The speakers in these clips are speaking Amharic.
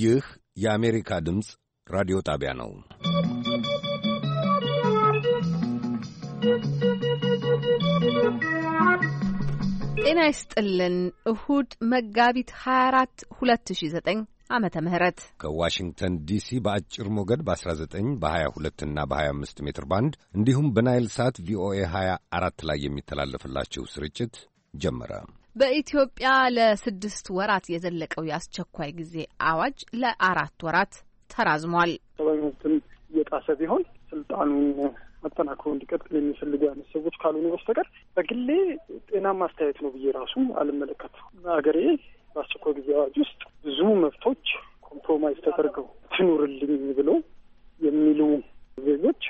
ይህ የአሜሪካ ድምፅ ራዲዮ ጣቢያ ነው። ጤና ይስጥልን። እሁድ መጋቢት 24 2009 ዓመተ ምህረት ከዋሽንግተን ዲሲ በአጭር ሞገድ በ19 በ22 እና በ25 ሜትር ባንድ እንዲሁም በናይል ሳት ቪኦኤ 24 ላይ የሚተላለፍላችሁ ስርጭት ጀመረ። በኢትዮጵያ ለስድስት ወራት የዘለቀው የአስቸኳይ ጊዜ አዋጅ ለአራት ወራት ተራዝሟል። ሰብአዊ መብትን እየጣሰ ቢሆን ስልጣኑን አጠናክሮ እንዲቀጥል የሚፈልጉ አይነት ሰዎች ካልሆኑ በስተቀር በግሌ ጤናማ አስተያየት ነው ብዬ ራሱ አልመለከትም። ሀገሬ በአስቸኳይ ጊዜ አዋጅ ውስጥ ብዙ መብቶች ኮምፕሮማይዝ ተደርገው ትኑርልኝ ብለው የሚሉ ዜጎች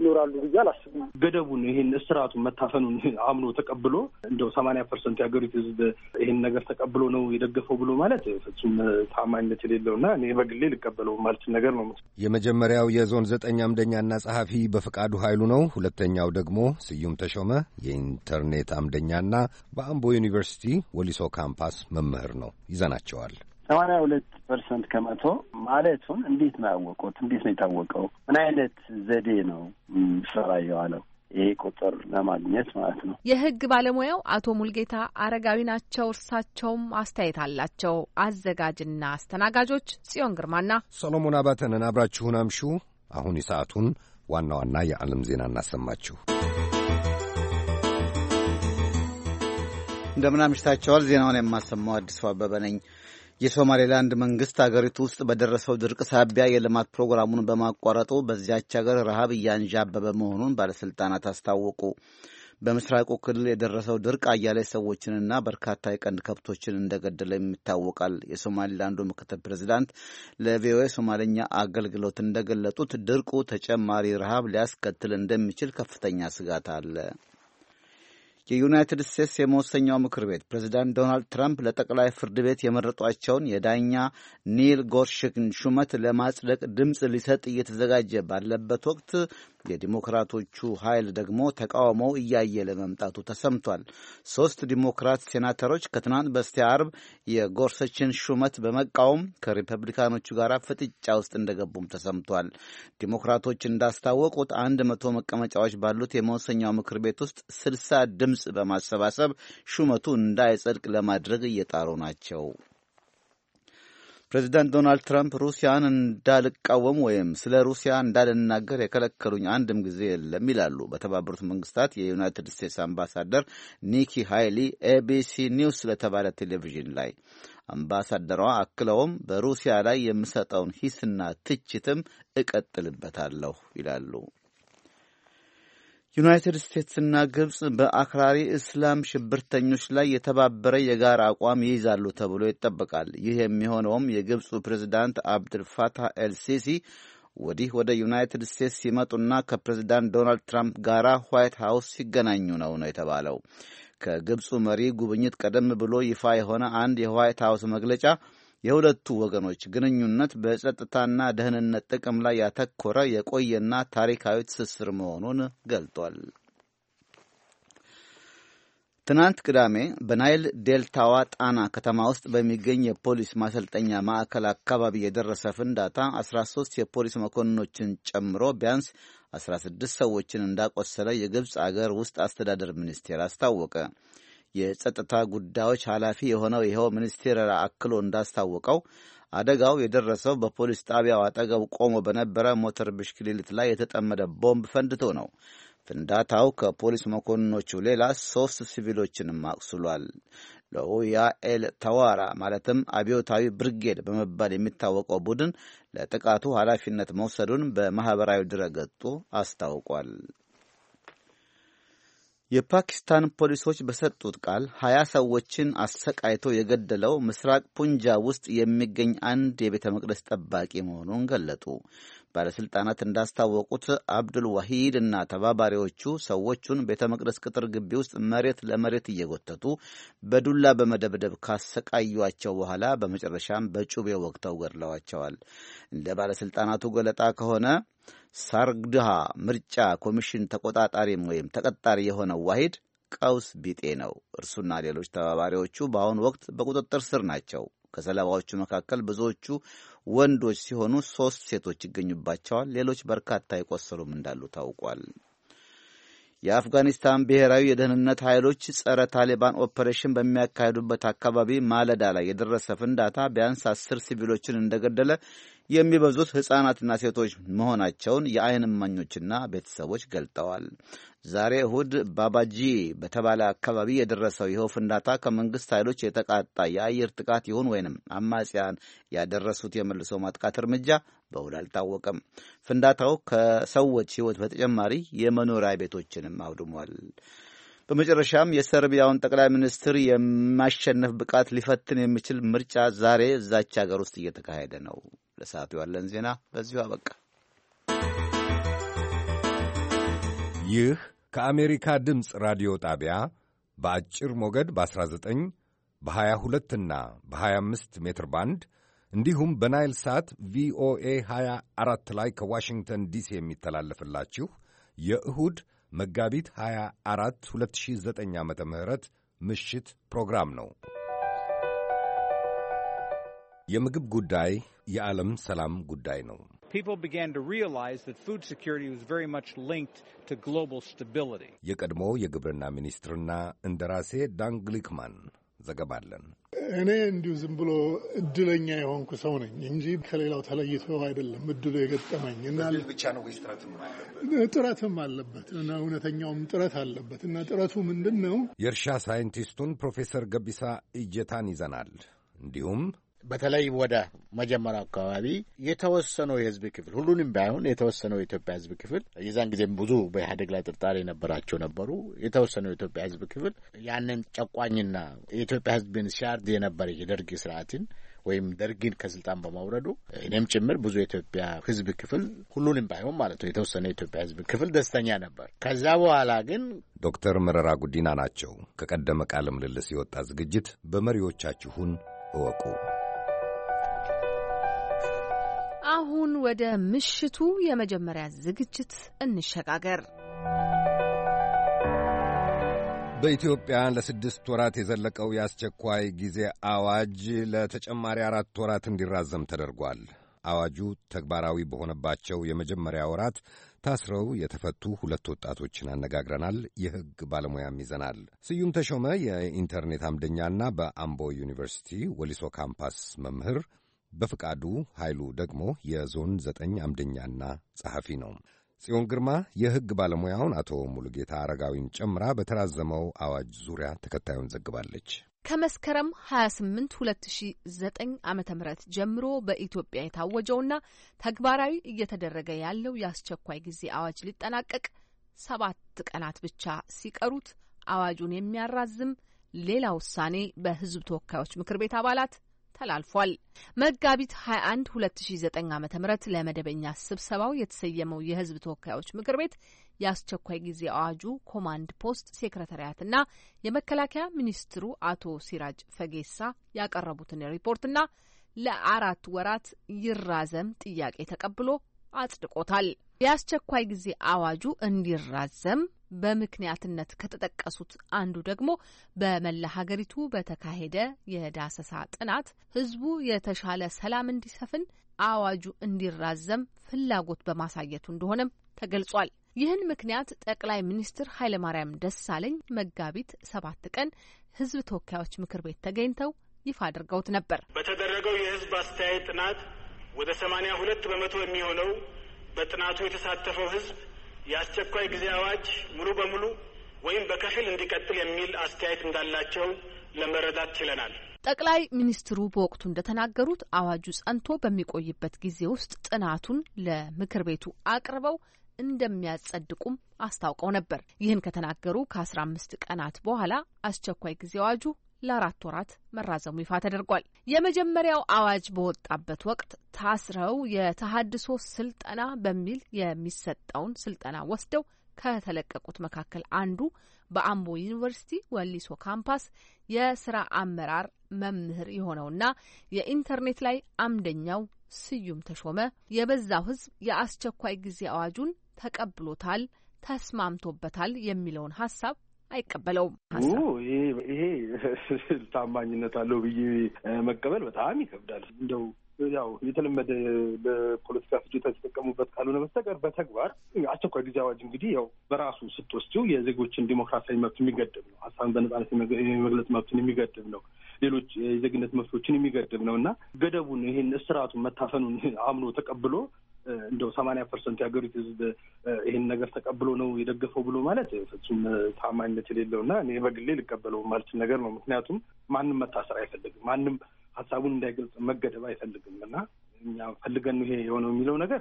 ይኖራሉ ብዬ አላስብም። ገደቡን ይህን እስራቱን መታፈኑን አምኖ ተቀብሎ እንደው ሰማንያ ፐርሰንት የሀገሪቱ ህዝብ ይህን ነገር ተቀብሎ ነው የደገፈው ብሎ ማለት ፍጹም ታማኝነት የሌለውና እኔ በግሌ ልቀበለው ማለት ነገር ነው። የመጀመሪያው የዞን ዘጠኝ አምደኛና ጸሐፊ በፈቃዱ ኃይሉ ነው። ሁለተኛው ደግሞ ስዩም ተሾመ የኢንተርኔት አምደኛና በአምቦ ዩኒቨርሲቲ ወሊሶ ካምፓስ መምህር ነው። ይዘናቸዋል። ሰማንያ ሁለት ፐርሰንት ከመቶ ማለቱን እንዴት ነው ያወቁት? እንዴት ነው የታወቀው? ምን አይነት ዘዴ ነው ስራ የዋለው? ይሄ ቁጥር ለማግኘት ማለት ነው። የህግ ባለሙያው አቶ ሙልጌታ አረጋዊ ናቸው። እርሳቸውም አስተያየት አላቸው። አዘጋጅና አስተናጋጆች ጽዮን ግርማና ሰሎሞን አባተንን አብራችሁን አምሹ። አሁን የሰዓቱን ዋና ዋና የዓለም ዜና እናሰማችሁ። እንደምን አምሽታችኋል። ዜናውን የማሰማው አዲሱ አበበ ነኝ። የሶማሌላንድ መንግስት አገሪቱ ውስጥ በደረሰው ድርቅ ሳቢያ የልማት ፕሮግራሙን በማቋረጡ በዚያች አገር ረሃብ እያንዣበበ መሆኑን ባለሥልጣናት አስታወቁ። በምስራቁ ክልል የደረሰው ድርቅ አያሌ ሰዎችንና በርካታ የቀንድ ከብቶችን እንደገደለ ይታወቃል። የሶማሊላንዱ ምክትል ፕሬዚዳንት ለቪኦኤ ሶማልኛ አገልግሎት እንደገለጡት ድርቁ ተጨማሪ ረሃብ ሊያስከትል እንደሚችል ከፍተኛ ስጋት አለ። የዩናይትድ ስቴትስ የመወሰኛው ምክር ቤት ፕሬዚዳንት ዶናልድ ትራምፕ ለጠቅላይ ፍርድ ቤት የመረጧቸውን የዳኛ ኒል ጎርሽክን ሹመት ለማጽደቅ ድምፅ ሊሰጥ እየተዘጋጀ ባለበት ወቅት የዲሞክራቶቹ ኃይል ደግሞ ተቃውሞው እያየ ለመምጣቱ ተሰምቷል። ሶስት ዲሞክራት ሴናተሮች ከትናንት በስቲያ አርብ የጎርሰችን ሹመት በመቃወም ከሪፐብሊካኖቹ ጋር ፍጥጫ ውስጥ እንደገቡም ተሰምቷል። ዲሞክራቶች እንዳስታወቁት አንድ መቶ መቀመጫዎች ባሉት የመወሰኛው ምክር ቤት ውስጥ ስልሳ ድምፅ ድምፅ በማሰባሰብ ሹመቱ እንዳይጸድቅ ለማድረግ እየጣሩ ናቸው። ፕሬዚዳንት ዶናልድ ትራምፕ ሩሲያን እንዳልቃወም ወይም ስለ ሩሲያ እንዳልናገር የከለከሉኝ አንድም ጊዜ የለም ይላሉ በተባበሩት መንግስታት የዩናይትድ ስቴትስ አምባሳደር ኒኪ ሃይሊ ኤቢሲ ኒውስ ለተባለ ቴሌቪዥን ላይ። አምባሳደሯ አክለውም በሩሲያ ላይ የምሰጠውን ሂስና ትችትም እቀጥልበታለሁ ይላሉ። ዩናይትድ ስቴትስና ግብፅ በአክራሪ እስላም ሽብርተኞች ላይ የተባበረ የጋራ አቋም ይይዛሉ ተብሎ ይጠበቃል። ይህ የሚሆነውም የግብፁ ፕሬዚዳንት አብድልፋታህ ኤልሲሲ ወዲህ ወደ ዩናይትድ ስቴትስ ሲመጡና ከፕሬዚዳንት ዶናልድ ትራምፕ ጋር ዋይት ሀውስ ሲገናኙ ነው ነው የተባለው። ከግብፁ መሪ ጉብኝት ቀደም ብሎ ይፋ የሆነ አንድ የዋይት ሀውስ መግለጫ የሁለቱ ወገኖች ግንኙነት በጸጥታና ደህንነት ጥቅም ላይ ያተኮረ የቆየና ታሪካዊ ትስስር መሆኑን ገልጧል። ትናንት ቅዳሜ በናይል ዴልታዋ ጣና ከተማ ውስጥ በሚገኝ የፖሊስ ማሰልጠኛ ማዕከል አካባቢ የደረሰ ፍንዳታ 13 የፖሊስ መኮንኖችን ጨምሮ ቢያንስ 16 ሰዎችን እንዳቆሰለ የግብፅ አገር ውስጥ አስተዳደር ሚኒስቴር አስታወቀ። የጸጥታ ጉዳዮች ኃላፊ የሆነው ይኸው ሚኒስቴር አክሎ እንዳስታወቀው አደጋው የደረሰው በፖሊስ ጣቢያው አጠገብ ቆሞ በነበረ ሞተር ብሽክሌት ላይ የተጠመደ ቦምብ ፈንድቶ ነው። ፍንዳታው ከፖሊስ መኮንኖቹ ሌላ ሶስት ሲቪሎችንም አቁስሏል። ለኡያ ኤል ተዋራ ማለትም አብዮታዊ ብርጌድ በመባል የሚታወቀው ቡድን ለጥቃቱ ኃላፊነት መውሰዱን በማኅበራዊ ድረገጡ አስታውቋል። የፓኪስታን ፖሊሶች በሰጡት ቃል ሀያ ሰዎችን አሰቃይቶ የገደለው ምስራቅ ፑንጃ ውስጥ የሚገኝ አንድ የቤተ መቅደስ ጠባቂ መሆኑን ገለጡ። ባለሥልጣናት እንዳስታወቁት አብዱል ዋሂድ እና ተባባሪዎቹ ሰዎቹን ቤተ መቅደስ ቅጥር ግቢ ውስጥ መሬት ለመሬት እየጎተቱ በዱላ በመደብደብ ካሰቃዩቸው በኋላ በመጨረሻም በጩቤ ወግተው ገድለዋቸዋል። እንደ ባለሥልጣናቱ ገለጣ ከሆነ ሳርግድሃ ምርጫ ኮሚሽን ተቆጣጣሪም ወይም ተቀጣሪ የሆነው ዋሂድ ቀውስ ቢጤ ነው። እርሱና ሌሎች ተባባሪዎቹ በአሁኑ ወቅት በቁጥጥር ስር ናቸው። ከሰለባዎቹ መካከል ብዙዎቹ ወንዶች ሲሆኑ ሶስት ሴቶች ይገኙባቸዋል። ሌሎች በርካታ የቆሰሉም እንዳሉ ታውቋል። የአፍጋኒስታን ብሔራዊ የደህንነት ኃይሎች ጸረ ታሊባን ኦፐሬሽን በሚያካሂዱበት አካባቢ ማለዳ ላይ የደረሰ ፍንዳታ ቢያንስ አስር ሲቪሎችን እንደገደለ የሚበዙት ሕፃናትና ሴቶች መሆናቸውን የዓይን እማኞችና ቤተሰቦች ገልጠዋል። ዛሬ እሁድ ባባጂ በተባለ አካባቢ የደረሰው ይኸው ፍንዳታ ከመንግሥት ኃይሎች የተቃጣ የአየር ጥቃት ይሁን ወይንም አማጽያን ያደረሱት የመልሶ ማጥቃት እርምጃ በውል አልታወቀም። ፍንዳታው ከሰዎች ሕይወት በተጨማሪ የመኖሪያ ቤቶችንም አውድሟል። በመጨረሻም የሰርቢያውን ጠቅላይ ሚኒስትር የማሸነፍ ብቃት ሊፈትን የሚችል ምርጫ ዛሬ እዛች ሀገር ውስጥ እየተካሄደ ነው። ለሰዓቱ ያለን ዜና በዚሁ አበቃ። ይህ ከአሜሪካ ድምፅ ራዲዮ ጣቢያ በአጭር ሞገድ በ19 በ22 እና በ25 ሜትር ባንድ እንዲሁም በናይል ሳት ቪኦኤ 24 ላይ ከዋሽንግተን ዲሲ የሚተላለፍላችሁ የእሁድ መጋቢት 24 2009 ዓ ም ምሽት ፕሮግራም ነው። የምግብ ጉዳይ የዓለም ሰላም ጉዳይ ነው። የቀድሞ የግብርና ሚኒስትርና እንደራሴ ዳን ግሊክማን ዘገባለን። እኔ እንዲሁ ዝም ብሎ እድለኛ የሆንኩ ሰው ነኝ እንጂ ከሌላው ተለይቶ አይደለም እድሉ የገጠመኝ እና ጥረትም አለበት እና እውነተኛውም ጥረት አለበት እና ጥረቱ ምንድን ነው? የእርሻ ሳይንቲስቱን ፕሮፌሰር ገቢሳ እጀታን ይዘናል። እንዲሁም በተለይ ወደ መጀመሪያው አካባቢ የተወሰነው የህዝብ ክፍል ሁሉንም ባይሆን የተወሰነው የኢትዮጵያ ህዝብ ክፍል የዛን ጊዜም ብዙ በኢህአዴግ ላይ ጥርጣሬ የነበራቸው ነበሩ። የተወሰነው የኢትዮጵያ ህዝብ ክፍል ያንን ጨቋኝና የኢትዮጵያ ህዝብን ሲያርድ የነበረ የደርግ ስርዓትን ወይም ደርግን ከስልጣን በማውረዱ እኔም ጭምር ብዙ የኢትዮጵያ ህዝብ ክፍል ሁሉንም ባይሆን ማለት ነው የተወሰነ የኢትዮጵያ ህዝብ ክፍል ደስተኛ ነበር። ከዛ በኋላ ግን ዶክተር መረራ ጉዲና ናቸው። ከቀደመ ቃለ ምልልስ የወጣ ዝግጅት በመሪዎቻችሁን እወቁ። አሁን ወደ ምሽቱ የመጀመሪያ ዝግጅት እንሸጋገር። በኢትዮጵያ ለስድስት ወራት የዘለቀው የአስቸኳይ ጊዜ አዋጅ ለተጨማሪ አራት ወራት እንዲራዘም ተደርጓል። አዋጁ ተግባራዊ በሆነባቸው የመጀመሪያ ወራት ታስረው የተፈቱ ሁለት ወጣቶችን አነጋግረናል። የሕግ ባለሙያም ይዘናል። ስዩም ተሾመ የኢንተርኔት አምደኛና በአምቦ ዩኒቨርሲቲ ወሊሶ ካምፓስ መምህር በፍቃዱ ኃይሉ ደግሞ የዞን ዘጠኝ አምደኛና ጸሐፊ ነው። ጽዮን ግርማ የሕግ ባለሙያውን አቶ ሙሉጌታ አረጋዊን ጨምራ በተራዘመው አዋጅ ዙሪያ ተከታዩን ዘግባለች። ከመስከረም 28 2009 ዓመተ ጀምሮ በኢትዮጵያ የታወጀውና ተግባራዊ እየተደረገ ያለው የአስቸኳይ ጊዜ አዋጅ ሊጠናቀቅ ሰባት ቀናት ብቻ ሲቀሩት አዋጁን የሚያራዝም ሌላ ውሳኔ በሕዝብ ተወካዮች ምክር ቤት አባላት ተላልፏል። መጋቢት 21 2009 ዓ ም ለመደበኛ ስብሰባው የተሰየመው የህዝብ ተወካዮች ምክር ቤት የአስቸኳይ ጊዜ አዋጁ ኮማንድ ፖስት ሴክረታሪያትና የመከላከያ ሚኒስትሩ አቶ ሲራጅ ፈጌሳ ያቀረቡትን ሪፖርትና ለአራት ወራት ይራዘም ጥያቄ ተቀብሎ አጽድቆታል። የአስቸኳይ ጊዜ አዋጁ እንዲራዘም በምክንያትነት ከተጠቀሱት አንዱ ደግሞ በመላ ሀገሪቱ በተካሄደ የዳሰሳ ጥናት ህዝቡ የተሻለ ሰላም እንዲሰፍን አዋጁ እንዲራዘም ፍላጎት በማሳየቱ እንደሆነም ተገልጿል። ይህን ምክንያት ጠቅላይ ሚኒስትር ኃይለማርያም ደሳለኝ መጋቢት ሰባት ቀን ህዝብ ተወካዮች ምክር ቤት ተገኝተው ይፋ አድርገውት ነበር። በተደረገው የህዝብ አስተያየት ጥናት ወደ ሰማንያ ሁለት በመቶ የሚሆነው በጥናቱ የተሳተፈው ህዝብ የአስቸኳይ ጊዜ አዋጅ ሙሉ በሙሉ ወይም በከፊል እንዲቀጥል የሚል አስተያየት እንዳላቸው ለመረዳት ችለናል። ጠቅላይ ሚኒስትሩ በወቅቱ እንደተናገሩት አዋጁ ጸንቶ በሚቆይበት ጊዜ ውስጥ ጥናቱን ለምክር ቤቱ አቅርበው እንደሚያጸድቁም አስታውቀው ነበር። ይህን ከተናገሩ ከአስራ አምስት ቀናት በኋላ አስቸኳይ ጊዜ አዋጁ ለአራት ወራት መራዘሙ ይፋ ተደርጓል። የመጀመሪያው አዋጅ በወጣበት ወቅት ታስረው የተሃድሶ ስልጠና በሚል የሚሰጠውን ስልጠና ወስደው ከተለቀቁት መካከል አንዱ በአምቦ ዩኒቨርሲቲ ወሊሶ ካምፓስ የስራ አመራር መምህር የሆነውና የኢንተርኔት ላይ አምደኛው ስዩም ተሾመ የበዛው ሕዝብ የአስቸኳይ ጊዜ አዋጁን ተቀብሎታል፣ ተስማምቶበታል የሚለውን ሀሳብ አይቀበለውም። ይሄ ታማኝነት አለው ብዬ መቀበል በጣም ይከብዳል። እንደው ያው የተለመደ በፖለቲካ ፍጆታ የተጠቀሙበት ካልሆነ በስተቀር በተግባር አስቸኳይ ጊዜ አዋጅ እንግዲህ ያው በራሱ ስትወስጂው የዜጎችን ዲሞክራሲያዊ መብት የሚገድብ ነው። ሀሳብን በነጻነት የመግለጽ መብትን የሚገድብ ነው። ሌሎች የዜግነት መብቶችን የሚገድብ ነው እና ገደቡን ይህን እስራቱን መታፈኑን አምኖ ተቀብሎ እንደው ሰማንያ ፐርሰንት የሀገሪቱ ህዝብ ይህን ነገር ተቀብሎ ነው የደገፈው ብሎ ማለት ፍጹም ታማኝነት የሌለው እና እኔ በግሌ ልቀበለው ማለት ነገር ነው። ምክንያቱም ማንም መታሰር አይፈልግም፣ ማንም ሀሳቡን እንዳይገልጽ መገደብ አይፈልግም እና እኛ ፈልገን ይሄ የሆነው የሚለው ነገር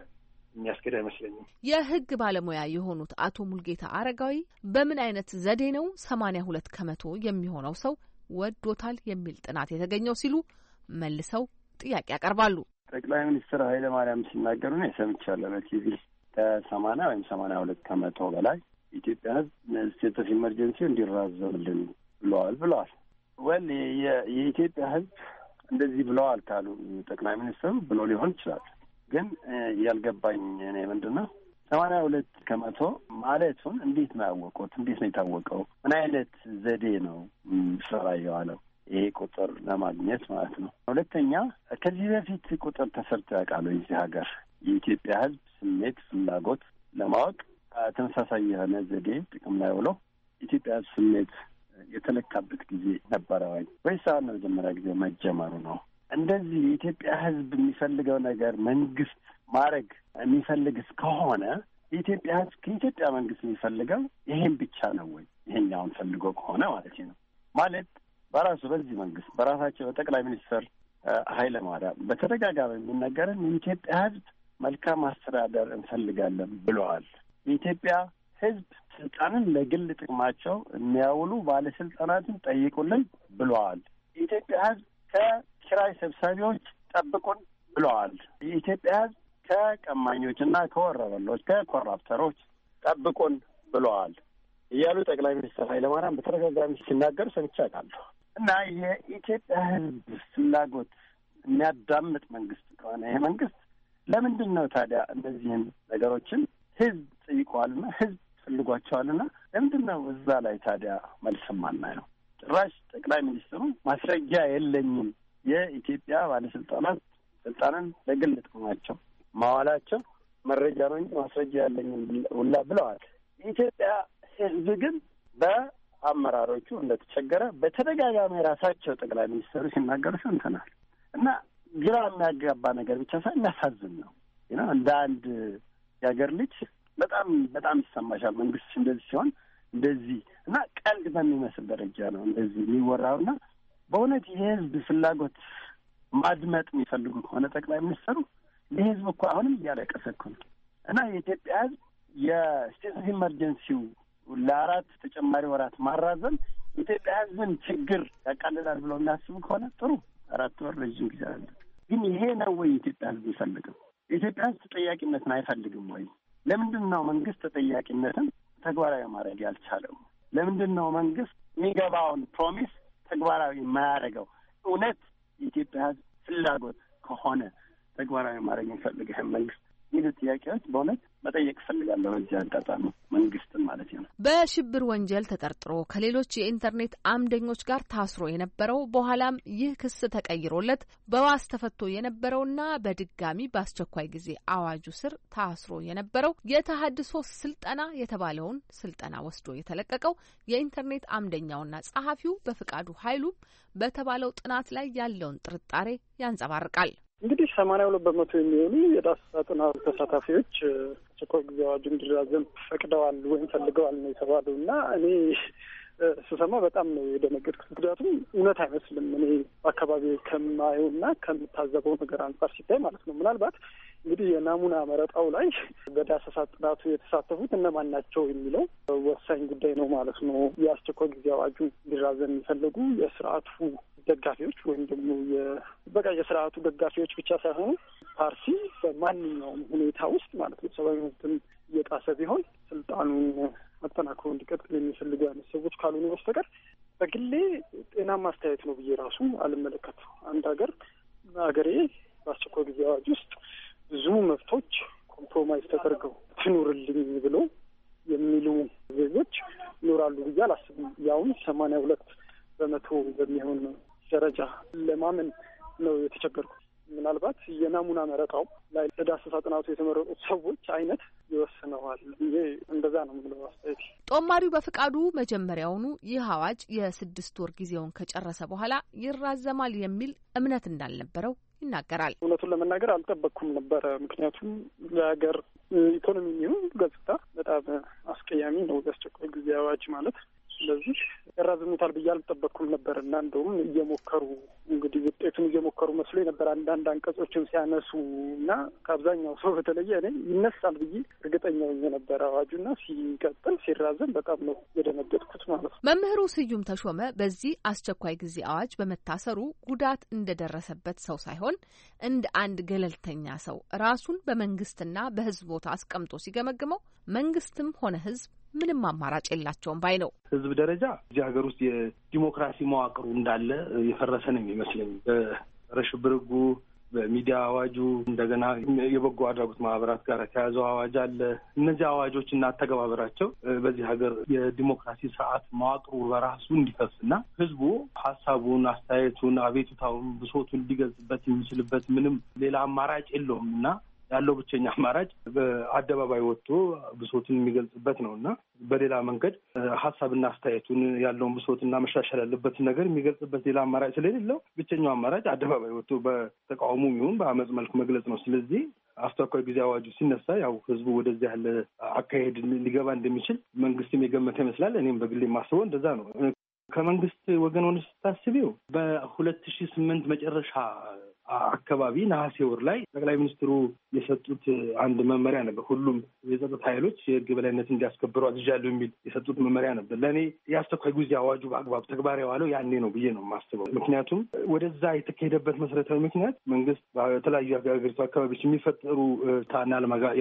የሚያስገድ አይመስለኝም። የህግ ባለሙያ የሆኑት አቶ ሙልጌታ አረጋዊ በምን አይነት ዘዴ ነው ሰማንያ ሁለት ከመቶ የሚሆነው ሰው ወዶታል የሚል ጥናት የተገኘው ሲሉ መልሰው ጥያቄ ያቀርባሉ። ጠቅላይ ሚኒስትር ኃይለ ማርያም ሲናገሩ ነው የሰምቻለሁ በቲቪ ከሰማንያ ወይም ሰማንያ ሁለት ከመቶ በላይ ኢትዮጵያ ሕዝብ ስቴት ኦፍ ኢመርጀንሲ እንዲራዘምልን ብለዋል ብለዋል ወል የኢትዮጵያ ሕዝብ እንደዚህ ብለዋል ካሉ ጠቅላይ ሚኒስትሩ ብሎ ሊሆን ይችላል። ግን ያልገባኝ እኔ ምንድን ነው ሰማንያ ሁለት ከመቶ ማለቱን እንዴት ነው ያወቁት? እንዴት ነው የታወቀው? ምን አይነት ዘዴ ነው ስራ የዋለው? ይሄ ቁጥር ለማግኘት ማለት ነው። ሁለተኛ ከዚህ በፊት ቁጥር ተሰርቶ ያውቃሉ። የዚህ ሀገር የኢትዮጵያ ሕዝብ ስሜት ፍላጎት ለማወቅ ተመሳሳይ የሆነ ዘዴ ጥቅም ላይ ውሎ ኢትዮጵያ ስሜት የተለካበት ጊዜ ነበረ ወይ ወይስ አሁን መጀመሪያ ጊዜ መጀመሩ ነው? እንደዚህ የኢትዮጵያ ሕዝብ የሚፈልገው ነገር መንግስት ማድረግ የሚፈልግ እስከሆነ የኢትዮጵያ ሕዝብ ከኢትዮጵያ መንግስት የሚፈልገው ይሄን ብቻ ነው ወይ? ይሄኛውን ፈልጎ ከሆነ ማለት ነው ማለት በራሱ በዚህ መንግስት በራሳቸው በጠቅላይ ሚኒስትር ኃይለ ማርያም በተደጋጋሚ የሚነገርን የኢትዮጵያ ሕዝብ መልካም አስተዳደር እንፈልጋለን ብለዋል። የኢትዮጵያ ሕዝብ ስልጣንን ለግል ጥቅማቸው የሚያውሉ ባለስልጣናትን ጠይቁልን ብለዋል። የኢትዮጵያ ሕዝብ ከኪራይ ሰብሳቢዎች ጠብቁን ብለዋል። የኢትዮጵያ ሕዝብ ከቀማኞችና ከወረበሎች ከኮራፕተሮች ጠብቁን ብለዋል እያሉ ጠቅላይ ሚኒስትር ኃይለማርያም በተደጋጋሚ ሲናገሩ ቃለሁ። እና የኢትዮጵያ ህዝብ ፍላጎት የሚያዳምጥ መንግስት ከሆነ ይሄ መንግስት ለምንድን ነው ታዲያ እነዚህን ነገሮችን ህዝብ ጠይቀዋልና ህዝብ ፈልጓቸዋልና ለምንድን ነው እዛ ላይ ታዲያ መልስም አናየው? ጭራሽ ጠቅላይ ሚኒስትሩ ማስረጃ የለኝም የኢትዮጵያ ባለስልጣናት ስልጣንን ለግል ጥቅማቸው ማዋላቸው መረጃ ነው እንጂ ማስረጃ ያለኝም ሁላ ብለዋል። የኢትዮጵያ ህዝብ ግን አመራሮቹ እንደተቸገረ በተደጋጋሚ ራሳቸው ጠቅላይ ሚኒስትሩ ሲናገሩ ሰምተናል እና ግራ የሚያጋባ ነገር ብቻ ሳይሆን የሚያሳዝን ነው። እንደ አንድ የሀገር ልጅ በጣም በጣም ይሰማሻል። መንግስት እንደዚህ ሲሆን እንደዚህ እና ቀልድ በሚመስል ደረጃ ነው እንደዚህ የሚወራው እና በእውነት የህዝብ ፍላጎት ማድመጥ የሚፈልጉ ከሆነ ጠቅላይ ሚኒስትሩ ለህዝብ እኮ አሁንም እያለቀሰ እኮ ነው እና የኢትዮጵያ ህዝብ የስቴት ኦፍ ኢመርጀንሲው ለአራት ተጨማሪ ወራት ማራዘም ኢትዮጵያ ሕዝብን ችግር ያቃልላል ብለው የሚያስቡ ከሆነ ጥሩ፣ አራት ወር ረዥም ጊዜ አለ። ግን ይሄ ነው ወይ የኢትዮጵያ ሕዝብ ይፈልግም? የኢትዮጵያ ሕዝብ ተጠያቂነትን አይፈልግም ወይ? ለምንድን ነው መንግስት ተጠያቂነትን ተግባራዊ ማድረግ ያልቻለው? ለምንድን ነው መንግስት የሚገባውን ፕሮሚስ ተግባራዊ የማያደርገው? እውነት የኢትዮጵያ ሕዝብ ፍላጎት ከሆነ ተግባራዊ ማድረግ የሚፈልገህን መንግስት የሚሉ ጥያቄዎች በእውነት መጠየቅ ፈልጋለሁ በዚህ አጋጣሚ መንግስትን ማለት ነው። በሽብር ወንጀል ተጠርጥሮ ከሌሎች የኢንተርኔት አምደኞች ጋር ታስሮ የነበረው በኋላም ይህ ክስ ተቀይሮለት በዋስ ተፈቶ የነበረውና በድጋሚ በአስቸኳይ ጊዜ አዋጁ ስር ታስሮ የነበረው የተሀድሶ ስልጠና የተባለውን ስልጠና ወስዶ የተለቀቀው የኢንተርኔት አምደኛውና ጸሐፊው በፍቃዱ ኃይሉ በተባለው ጥናት ላይ ያለውን ጥርጣሬ ያንጸባርቃል። እንግዲህ ሰማንያ ሁለት በመቶ የሚሆኑ የዳሰሳ ጥናቱ ተሳታፊዎች አስቸኳይ ጊዜ አዋጁን እንዲራዘም ፈቅደዋል ወይም ፈልገዋል ነው የተባሉ እና እኔ ስሰማ በጣም ነው የደነገጥኩት። ምክንያቱም እውነት አይመስልም። እኔ አካባቢ ከማየው እና ከምታዘበው ነገር አንጻር ሲታይ ማለት ነው። ምናልባት እንግዲህ የናሙና መረጣው ላይ በዳሰሳ ጥናቱ የተሳተፉት እነማን ናቸው የሚለው ወሳኝ ጉዳይ ነው ማለት ነው። የአስቸኳይ ጊዜ አዋጁ እንዲራዘም የሚፈለጉ የስርዓቱ ደጋፊዎች ወይም ደግሞ በቃ የስርዓቱ ደጋፊዎች ብቻ ሳይሆኑ ፓርቲ በማንኛውም ሁኔታ ውስጥ ማለት ነው ሰብአዊ መብትን እየጣሰ ቢሆን ስልጣኑን መጠናከሩ እንዲቀጥል የሚፈልጉ አይነት ሰዎች ካልሆኑ በስተቀር በግሌ ጤናማ አስተያየት ነው ብዬ ራሱ አልመለከትም። አንድ ሀገር ሀገሬ በአስቸኳይ ጊዜ አዋጅ ውስጥ ብዙ መብቶች ኮምፕሮማይዝ ተደርገው ትኑርልኝ ብሎ የሚሉ ዜጎች ይኖራሉ ብዬ አላስብም። ያውም ሰማንያ ሁለት በመቶ በሚሆን ደረጃ ለማመን ነው የተቸገርኩት። ምናልባት የናሙና መረጣው ላይ ለዳሰሳ ጥናቱ የተመረጡት ሰዎች አይነት ይወስነዋል ይሄ እንደዛ ነው የምለው አስተያየት። ጦማሪው በፍቃዱ መጀመሪያውኑ ይህ አዋጅ የስድስት ወር ጊዜውን ከጨረሰ በኋላ ይራዘማል የሚል እምነት እንዳልነበረው ይናገራል። እውነቱን ለመናገር አልጠበቅኩም ነበረ። ምክንያቱም ለሀገር ኢኮኖሚ የሚሆን ገጽታ በጣም አስቀያሚ ነው የአስቸኳይ ጊዜ አዋጅ ማለት። ስለዚህ ያራዝሙታል ብዬ አልጠበቅኩም ነበር እና እንደውም እየሞከሩ እንግዲህ ውጤቱን እየሞከሩ መስሎ ነበር። አንዳንድ አንቀጾችን ሲያነሱ እና ከአብዛኛው ሰው በተለየ እኔ ይነሳል ብዬ እርግጠኛ ነበር አዋጁና ሲቀጥል ሲራዘም በጣም ነው የደነገጥኩት ማለት ነው። መምህሩ ስዩም ተሾመ በዚህ አስቸኳይ ጊዜ አዋጅ በመታሰሩ ጉዳት እንደደረሰበት ሰው ሳይሆን እንደ አንድ ገለልተኛ ሰው ራሱን በመንግስትና በህዝብ ቦታ አስቀምጦ ሲገመግመው መንግስትም ሆነ ህዝብ ምንም አማራጭ የላቸውም ባይ ነው። ህዝብ ደረጃ እዚህ ሀገር ውስጥ የዲሞክራሲ መዋቅሩ እንዳለ የፈረሰ ነው የሚመስለኝ። በጸረ ህጉ፣ በሚዲያ አዋጁ፣ እንደገና የበጎ አድራጎት ማህበራት ጋር ተያዘው አዋጅ አለ። እነዚህ አዋጆች እና አተገባበራቸው በዚህ ሀገር የዲሞክራሲ ስርዓት መዋቅሩ በራሱ እንዲፈስና ህዝቡ ሀሳቡን፣ አስተያየቱን፣ አቤቱታውን፣ ብሶቱን ሊገልጽበት የሚችልበት ምንም ሌላ አማራጭ የለውም እና ያለው ብቸኛ አማራጭ በአደባባይ ወጥቶ ብሶትን የሚገልጽበት ነው እና በሌላ መንገድ ሀሳብና አስተያየቱን ያለውን ብሶትና መሻሻል ያለበትን ነገር የሚገልጽበት ሌላ አማራጭ ስለሌለው ብቸኛው አማራጭ አደባባይ ወጥቶ በተቃውሞ የሚሆን በአመፅ መልኩ መግለጽ ነው። ስለዚህ አስቸኳይ ጊዜ አዋጁ ሲነሳ ያው ህዝቡ ወደዚህ ያለ አካሄድ ሊገባ እንደሚችል መንግስትም የገመተ ይመስላል። እኔም በግሌ ማስበው እንደዛ ነው። ከመንግስት ወገን ሆነ ስታስቢው በሁለት ሺህ ስምንት መጨረሻ አካባቢ ነሐሴ ወር ላይ ጠቅላይ ሚኒስትሩ የሰጡት አንድ መመሪያ ነበር። ሁሉም የጸጥታ ኃይሎች የህግ በላይነት እንዲያስከብሩ አዝዣለሁ የሚል የሰጡት መመሪያ ነበር። ለእኔ የአስቸኳይ ጊዜ አዋጁ በአግባቡ ተግባራዊ የዋለው ያኔ ነው ብዬ ነው የማስበው። ምክንያቱም ወደዛ የተካሄደበት መሰረታዊ ምክንያት መንግስት በተለያዩ ሀገሪቱ አካባቢዎች የሚፈጠሩ ታና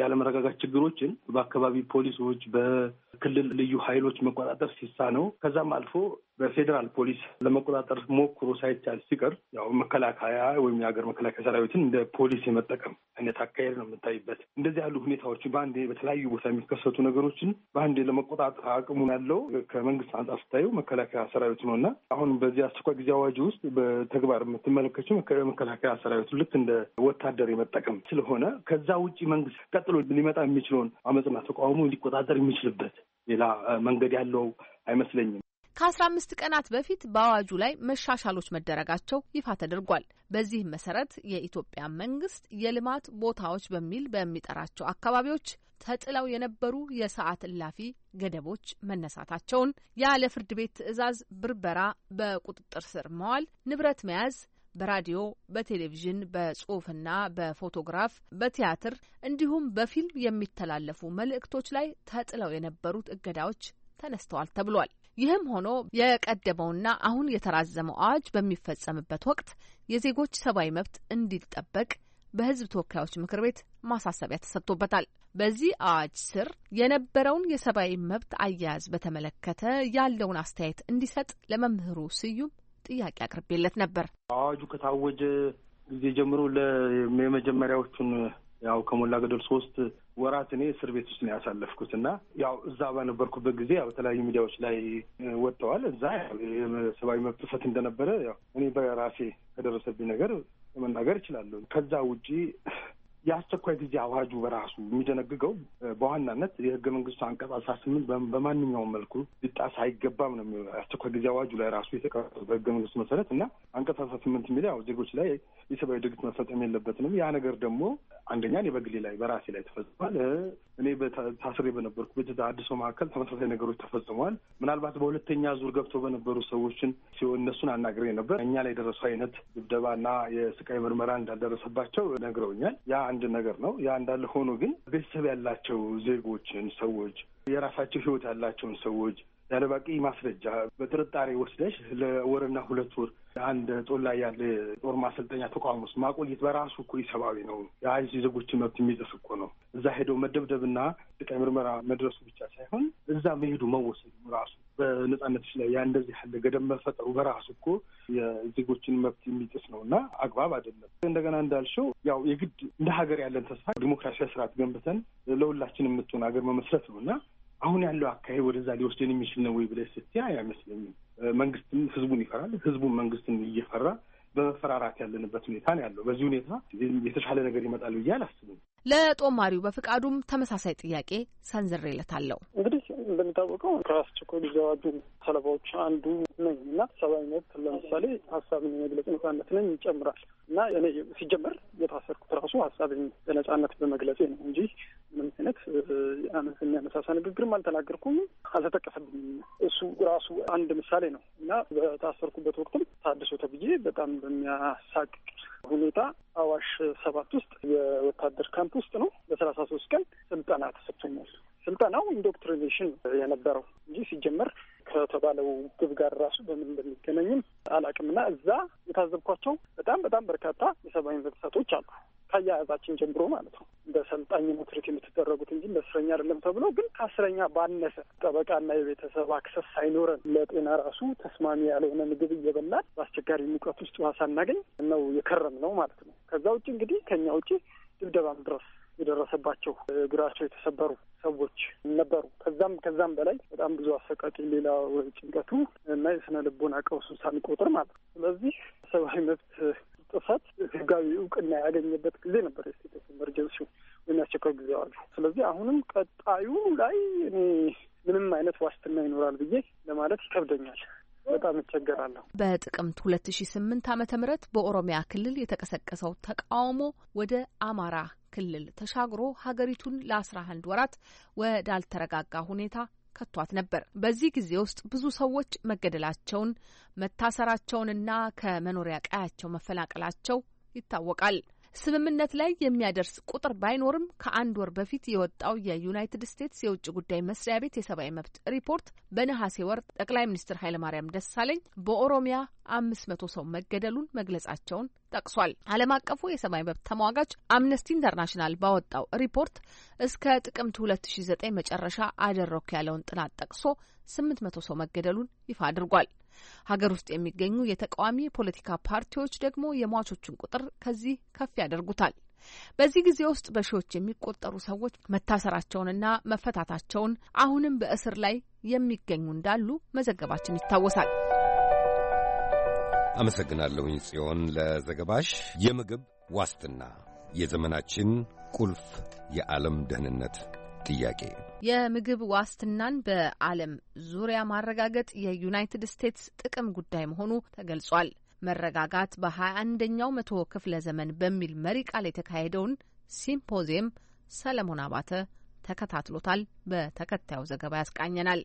የአለመረጋጋት ችግሮችን በአካባቢ ፖሊሶች፣ በክልል ልዩ ኃይሎች መቆጣጠር ሲሳ ነው ከዛም አልፎ በፌዴራል ፖሊስ ለመቆጣጠር ሞክሮ ሳይቻል ሲቀር ያው መከላከያ ወይም የሀገር መከላከያ ሰራዊትን እንደ ፖሊስ የመጠቀም አይነት አካሄድ ነው የምታይበት። እንደዚህ ያሉ ሁኔታዎች በአንዴ በተለያዩ ቦታ የሚከሰቱ ነገሮችን በአንዴ ለመቆጣጠር አቅሙ ያለው ከመንግስት አንጻር ስታዩ መከላከያ ሰራዊት ነው እና አሁን በዚህ አስቸኳይ ጊዜ አዋጅ ውስጥ በተግባር የምትመለከቸው መከላከያ ሰራዊቱ ልክ እንደ ወታደር የመጠቀም ስለሆነ ከዛ ውጭ መንግስት ቀጥሎ ሊመጣ የሚችለውን አመፅና ተቃውሞ ሊቆጣጠር የሚችልበት ሌላ መንገድ ያለው አይመስለኝም። ከአስራ አምስት ቀናት በፊት በአዋጁ ላይ መሻሻሎች መደረጋቸው ይፋ ተደርጓል። በዚህ መሰረት የኢትዮጵያ መንግስት የልማት ቦታዎች በሚል በሚጠራቸው አካባቢዎች ተጥለው የነበሩ የሰዓት እላፊ ገደቦች መነሳታቸውን፣ ያለ ፍርድ ቤት ትዕዛዝ ብርበራ፣ በቁጥጥር ስር መዋል፣ ንብረት መያዝ በራዲዮ፣ በቴሌቪዥን፣ በጽሁፍና በፎቶግራፍ፣ በቲያትር እንዲሁም በፊልም የሚተላለፉ መልእክቶች ላይ ተጥለው የነበሩት እገዳዎች ተነስተዋል ተብሏል። ይህም ሆኖ የቀደመውና አሁን የተራዘመው አዋጅ በሚፈጸምበት ወቅት የዜጎች ሰብአዊ መብት እንዲጠበቅ በህዝብ ተወካዮች ምክር ቤት ማሳሰቢያ ተሰጥቶበታል። በዚህ አዋጅ ስር የነበረውን የሰብአዊ መብት አያያዝ በተመለከተ ያለውን አስተያየት እንዲሰጥ ለመምህሩ ስዩም ጥያቄ አቅርቤለት ነበር። አዋጁ ከታወጀ ጊዜ ጀምሮ የመጀመሪያዎቹን ያው ከሞላ ገደል ሶስት ወራት እኔ እስር ቤት ውስጥ ነው ያሳለፍኩት እና ያው እዛ በነበርኩበት ጊዜ ያው በተለያዩ ሚዲያዎች ላይ ወጥተዋል። እዛ የሰብአዊ መብት ጥሰት እንደነበረ ያው እኔ በራሴ ከደረሰብኝ ነገር መናገር እችላለሁ። ከዛ ውጪ የአስቸኳይ ጊዜ አዋጁ በራሱ የሚደነግገው በዋናነት የህገ መንግስቱ አንቀጽ አስራ ስምንት በማንኛውም መልኩ ሊጣስ አይገባም ነው የሚለው ጊዜ አዋጁ ላይ ራሱ የተቀረጠው በህገ መንግስቱ መሰረት እና አንቀጽ አስራ ስምንት የሚለው ያው ዜጎች ላይ የሰብአዊ ድርጊት መፈጸም የለበትንም። ያ ነገር ደግሞ አንደኛን በግሌ ላይ በራሴ ላይ ተፈጽሟል። እኔ ታስሬ ቤት አዲሶ መካከል ተመሳሳይ ነገሮች ተፈጽመዋል። ምናልባት በሁለተኛ ዙር ገብተው በነበሩ ሰዎችን ሲሆን እነሱን አናግሬ ነበር። እኛ ላይ የደረሱ አይነት ድብደባና የስቃይ ምርመራ እንዳልደረሰባቸው ነግረውኛል። ያ አንድ ነገር ነው። ያ እንዳለ ሆኖ ግን ቤተሰብ ያላቸው ዜጎችን፣ ሰዎች የራሳቸው ህይወት ያላቸውን ሰዎች ያለ በቂ ማስረጃ በጥርጣሬ ወስደሽ ለወርና ሁለት ወር አንድ ጦር ላይ ያለ ጦር ማሰልጠኛ ተቋም ውስጥ ማቆየት በራሱ እኮ ሰብአዊ ነው። የአይሲ ዜጎችን መብት የሚጥስ እኮ ነው። እዛ ሄደው መደብደብና ስቃይ ምርመራ መድረሱ ብቻ ሳይሆን እዛ መሄዱ መወሰዱ ራሱ በነጻነትሽ ላይ ያ እንደዚህ ያለ ገደብ መፈጠሩ በራሱ እኮ የዜጎችን መብት የሚጥስ ነው እና አግባብ አይደለም። እንደገና እንዳልሽው ያው የግድ እንደ ሀገር ያለን ተስፋ ዲሞክራሲያዊ ስርዓት ገንብተን ለሁላችን የምትሆን ሀገር መመስረት ነው እና አሁን ያለው አካሄድ ወደዛ ሊወስደን የሚችል ነው ወይ ብለህ ስትይ አይመስለኝም። መንግስትም ህዝቡን ይፈራል፣ ህዝቡን መንግስትን እየፈራ በመፈራራት ያለንበት ሁኔታ ነው ያለው። በዚህ ሁኔታ የተሻለ ነገር ይመጣል ብዬ አላስብም። ለጦማሪው በፍቃዱም ተመሳሳይ ጥያቄ ሰንዝሬለታለሁ። እንደሚታወቀው ከአስቸኳይ ጊዜ አዋጁ ሰለባዎች አንዱ ነኝ እና ሰብአዊ መብት ለምሳሌ ሀሳብን የመግለጽ ነጻነትንም ይጨምራል እና እኔ ሲጀመር የታሰርኩት ራሱ ሀሳብን በነጻነት በመግለጽ ነው እንጂ ምንም አይነት የሚያነሳሳ ንግግርም አልተናገርኩም፣ አልተጠቀሰብኝም። እሱ ራሱ አንድ ምሳሌ ነው እና በታሰርኩበት ወቅትም ታድሶ ተብዬ በጣም በሚያሳቅቅ ሁኔታ አዋሽ ሰባት ውስጥ የወታደር ካምፕ ውስጥ ነው በሰላሳ ሶስት ቀን ስልጠና ተሰጥቶኛል። ስልጠናው ኢንዶክትሪኔሽን የነበረው እንጂ ሲጀመር ከተባለው ግብ ጋር ራሱ በምን እንደሚገናኝም አላቅምና እዛ የታዘብኳቸው በጣም በጣም በርካታ የሰብአዊ መብት ጥሰቶች አሉ። ከአያያዛችን ጀምሮ ማለት ነው። እንደ ሰልጣኝ ትሪት የምትደረጉት እንጂ እንደ እስረኛ አይደለም ተብሎ ግን ከአስረኛ ባነሰ ጠበቃና የቤተሰብ አክሰስ ሳይኖረን ለጤና ራሱ ተስማሚ ያልሆነ ምግብ እየበላን በአስቸጋሪ ሙቀት ውስጥ ውሃ ሳናገኝ ነው የከረም ነው ማለት ነው። ከዛ ውጭ እንግዲህ ከኛ ውጭ ድብደባም ድረስ የደረሰባቸው እግራቸው የተሰበሩ ሰዎች ነበሩ። ከዛም ከዛም በላይ በጣም ብዙ አሰቃቂ ሌላ ጭንቀቱ እና የስነ ልቦና ቀውሱ ሳንቆጥር ማለት ነው። ስለዚህ ሰብአዊ መብት ጥሰት ህጋዊ እውቅና ያገኘበት ጊዜ ነበር የስቴት ኦፍ ኤመርጀንሲ ወይም ያስቸኳይ ጊዜ አዋጁ። ስለዚህ አሁንም ቀጣዩ ላይ እኔ ምንም አይነት ዋስትና ይኖራል ብዬ ለማለት ይከብደኛል። በጣም እቸገራለሁ። በጥቅምት ሁለት ሺ ስምንት ዓመተ ምህረት በኦሮሚያ ክልል የተቀሰቀሰው ተቃውሞ ወደ አማራ ክልል ተሻግሮ ሀገሪቱን ለአስራ አንድ ወራት ወዳልተረጋጋ ሁኔታ ከቷት ነበር። በዚህ ጊዜ ውስጥ ብዙ ሰዎች መገደላቸውን መታሰራቸውንና ከመኖሪያ ቀያቸው መፈናቀላቸው ይታወቃል። ስምምነት ላይ የሚያደርስ ቁጥር ባይኖርም ከአንድ ወር በፊት የወጣው የዩናይትድ ስቴትስ የውጭ ጉዳይ መስሪያ ቤት የሰብአዊ መብት ሪፖርት በነሐሴ ወር ጠቅላይ ሚኒስትር ኃይለማርያም ደሳለኝ በኦሮሚያ አምስት መቶ ሰው መገደሉን መግለጻቸውን ጠቅሷል። ዓለም አቀፉ የሰብአዊ መብት ተሟጋች አምነስቲ ኢንተርናሽናል ባወጣው ሪፖርት እስከ ጥቅምት ዘጠኝ መጨረሻ አደረኩ ያለውን ጥናት ጠቅሶ መቶ ሰው መገደሉን ይፋ አድርጓል። ሀገር ውስጥ የሚገኙ የተቃዋሚ ፖለቲካ ፓርቲዎች ደግሞ የሟቾቹን ቁጥር ከዚህ ከፍ ያደርጉታል። በዚህ ጊዜ ውስጥ በሺዎች የሚቆጠሩ ሰዎች መታሰራቸውንና መፈታታቸውን አሁንም በእስር ላይ የሚገኙ እንዳሉ መዘገባችን ይታወሳል። አመሰግናለሁኝ ጽዮን ለዘገባሽ። የምግብ ዋስትና የዘመናችን ቁልፍ የዓለም ደህንነት ጥያቄ የምግብ ዋስትናን በዓለም ዙሪያ ማረጋገጥ የዩናይትድ ስቴትስ ጥቅም ጉዳይ መሆኑ ተገልጿል። መረጋጋት በሀያ አንደኛው መቶ ክፍለ ዘመን በሚል መሪ ቃል የተካሄደውን ሲምፖዚየም ሰለሞን አባተ ተከታትሎታል። በተከታዩ ዘገባ ያስቃኘናል።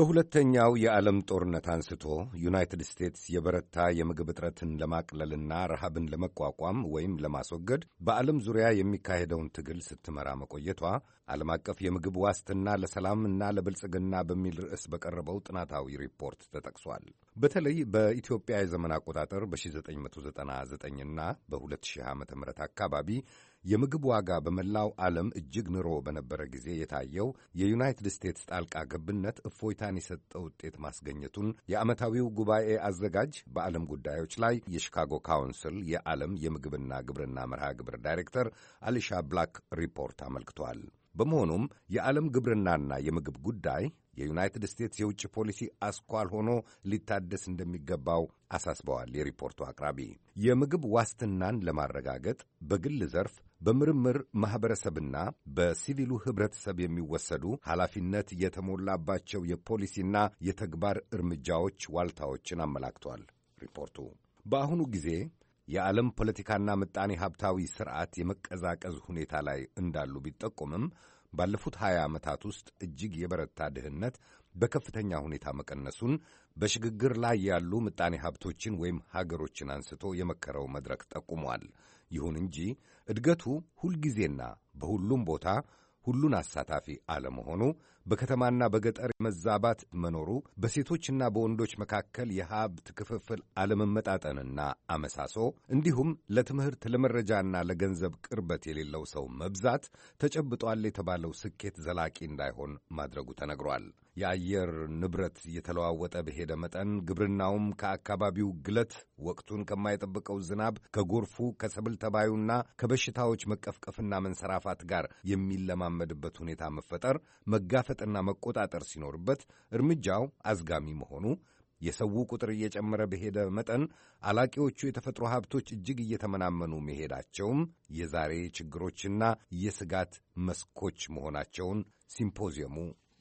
ከሁለተኛው የዓለም ጦርነት አንስቶ ዩናይትድ ስቴትስ የበረታ የምግብ እጥረትን ለማቅለልና ረሃብን ለመቋቋም ወይም ለማስወገድ በዓለም ዙሪያ የሚካሄደውን ትግል ስትመራ መቆየቷ ዓለም አቀፍ የምግብ ዋስትና ለሰላምና ለብልጽግና በሚል ርዕስ በቀረበው ጥናታዊ ሪፖርት ተጠቅሷል። በተለይ በኢትዮጵያ የዘመን አቆጣጠር በ1999ና በ2000 ዓ ም አካባቢ የምግብ ዋጋ በመላው ዓለም እጅግ ንሮ በነበረ ጊዜ የታየው የዩናይትድ ስቴትስ ጣልቃ ገብነት እፎይታን የሰጠ ውጤት ማስገኘቱን የዓመታዊው ጉባኤ አዘጋጅ በዓለም ጉዳዮች ላይ የሺካጎ ካውንስል የዓለም የምግብና ግብርና መርሃ ግብር ዳይሬክተር አሊሻ ብላክ ሪፖርት አመልክቷል። በመሆኑም የዓለም ግብርናና የምግብ ጉዳይ የዩናይትድ ስቴትስ የውጭ ፖሊሲ አስኳል ሆኖ ሊታደስ እንደሚገባው አሳስበዋል። የሪፖርቱ አቅራቢ የምግብ ዋስትናን ለማረጋገጥ በግል ዘርፍ በምርምር ማኅበረሰብና በሲቪሉ ኅብረተሰብ የሚወሰዱ ኃላፊነት የተሞላባቸው የፖሊሲና የተግባር እርምጃዎች ዋልታዎችን አመላክቷል ሪፖርቱ። በአሁኑ ጊዜ የዓለም ፖለቲካና ምጣኔ ሀብታዊ ሥርዓት የመቀዛቀዝ ሁኔታ ላይ እንዳሉ ቢጠቁምም ባለፉት 20 ዓመታት ውስጥ እጅግ የበረታ ድህነት በከፍተኛ ሁኔታ መቀነሱን በሽግግር ላይ ያሉ ምጣኔ ሀብቶችን ወይም ሀገሮችን አንስቶ የመከረው መድረክ ጠቁሟል። ይሁን እንጂ እድገቱ ሁልጊዜና በሁሉም ቦታ ሁሉን አሳታፊ አለመሆኑ፣ በከተማና በገጠር መዛባት መኖሩ፣ በሴቶችና በወንዶች መካከል የሀብት ክፍፍል አለመመጣጠንና አመሳሶ፣ እንዲሁም ለትምህርት ለመረጃና ለገንዘብ ቅርበት የሌለው ሰው መብዛት ተጨብጧል የተባለው ስኬት ዘላቂ እንዳይሆን ማድረጉ ተነግሯል። የአየር ንብረት እየተለዋወጠ በሄደ መጠን ግብርናውም ከአካባቢው ግለት፣ ወቅቱን ከማይጠብቀው ዝናብ፣ ከጎርፉ፣ ከሰብል ተባዩና ከበሽታዎች መቀፍቀፍና መንሰራፋት ጋር የሚለማመድበት ሁኔታ መፈጠር መጋፈጥና መቆጣጠር ሲኖርበት እርምጃው አዝጋሚ መሆኑ የሰው ቁጥር እየጨመረ በሄደ መጠን አላቂዎቹ የተፈጥሮ ሀብቶች እጅግ እየተመናመኑ መሄዳቸውም የዛሬ ችግሮችና የስጋት መስኮች መሆናቸውን ሲምፖዚየሙ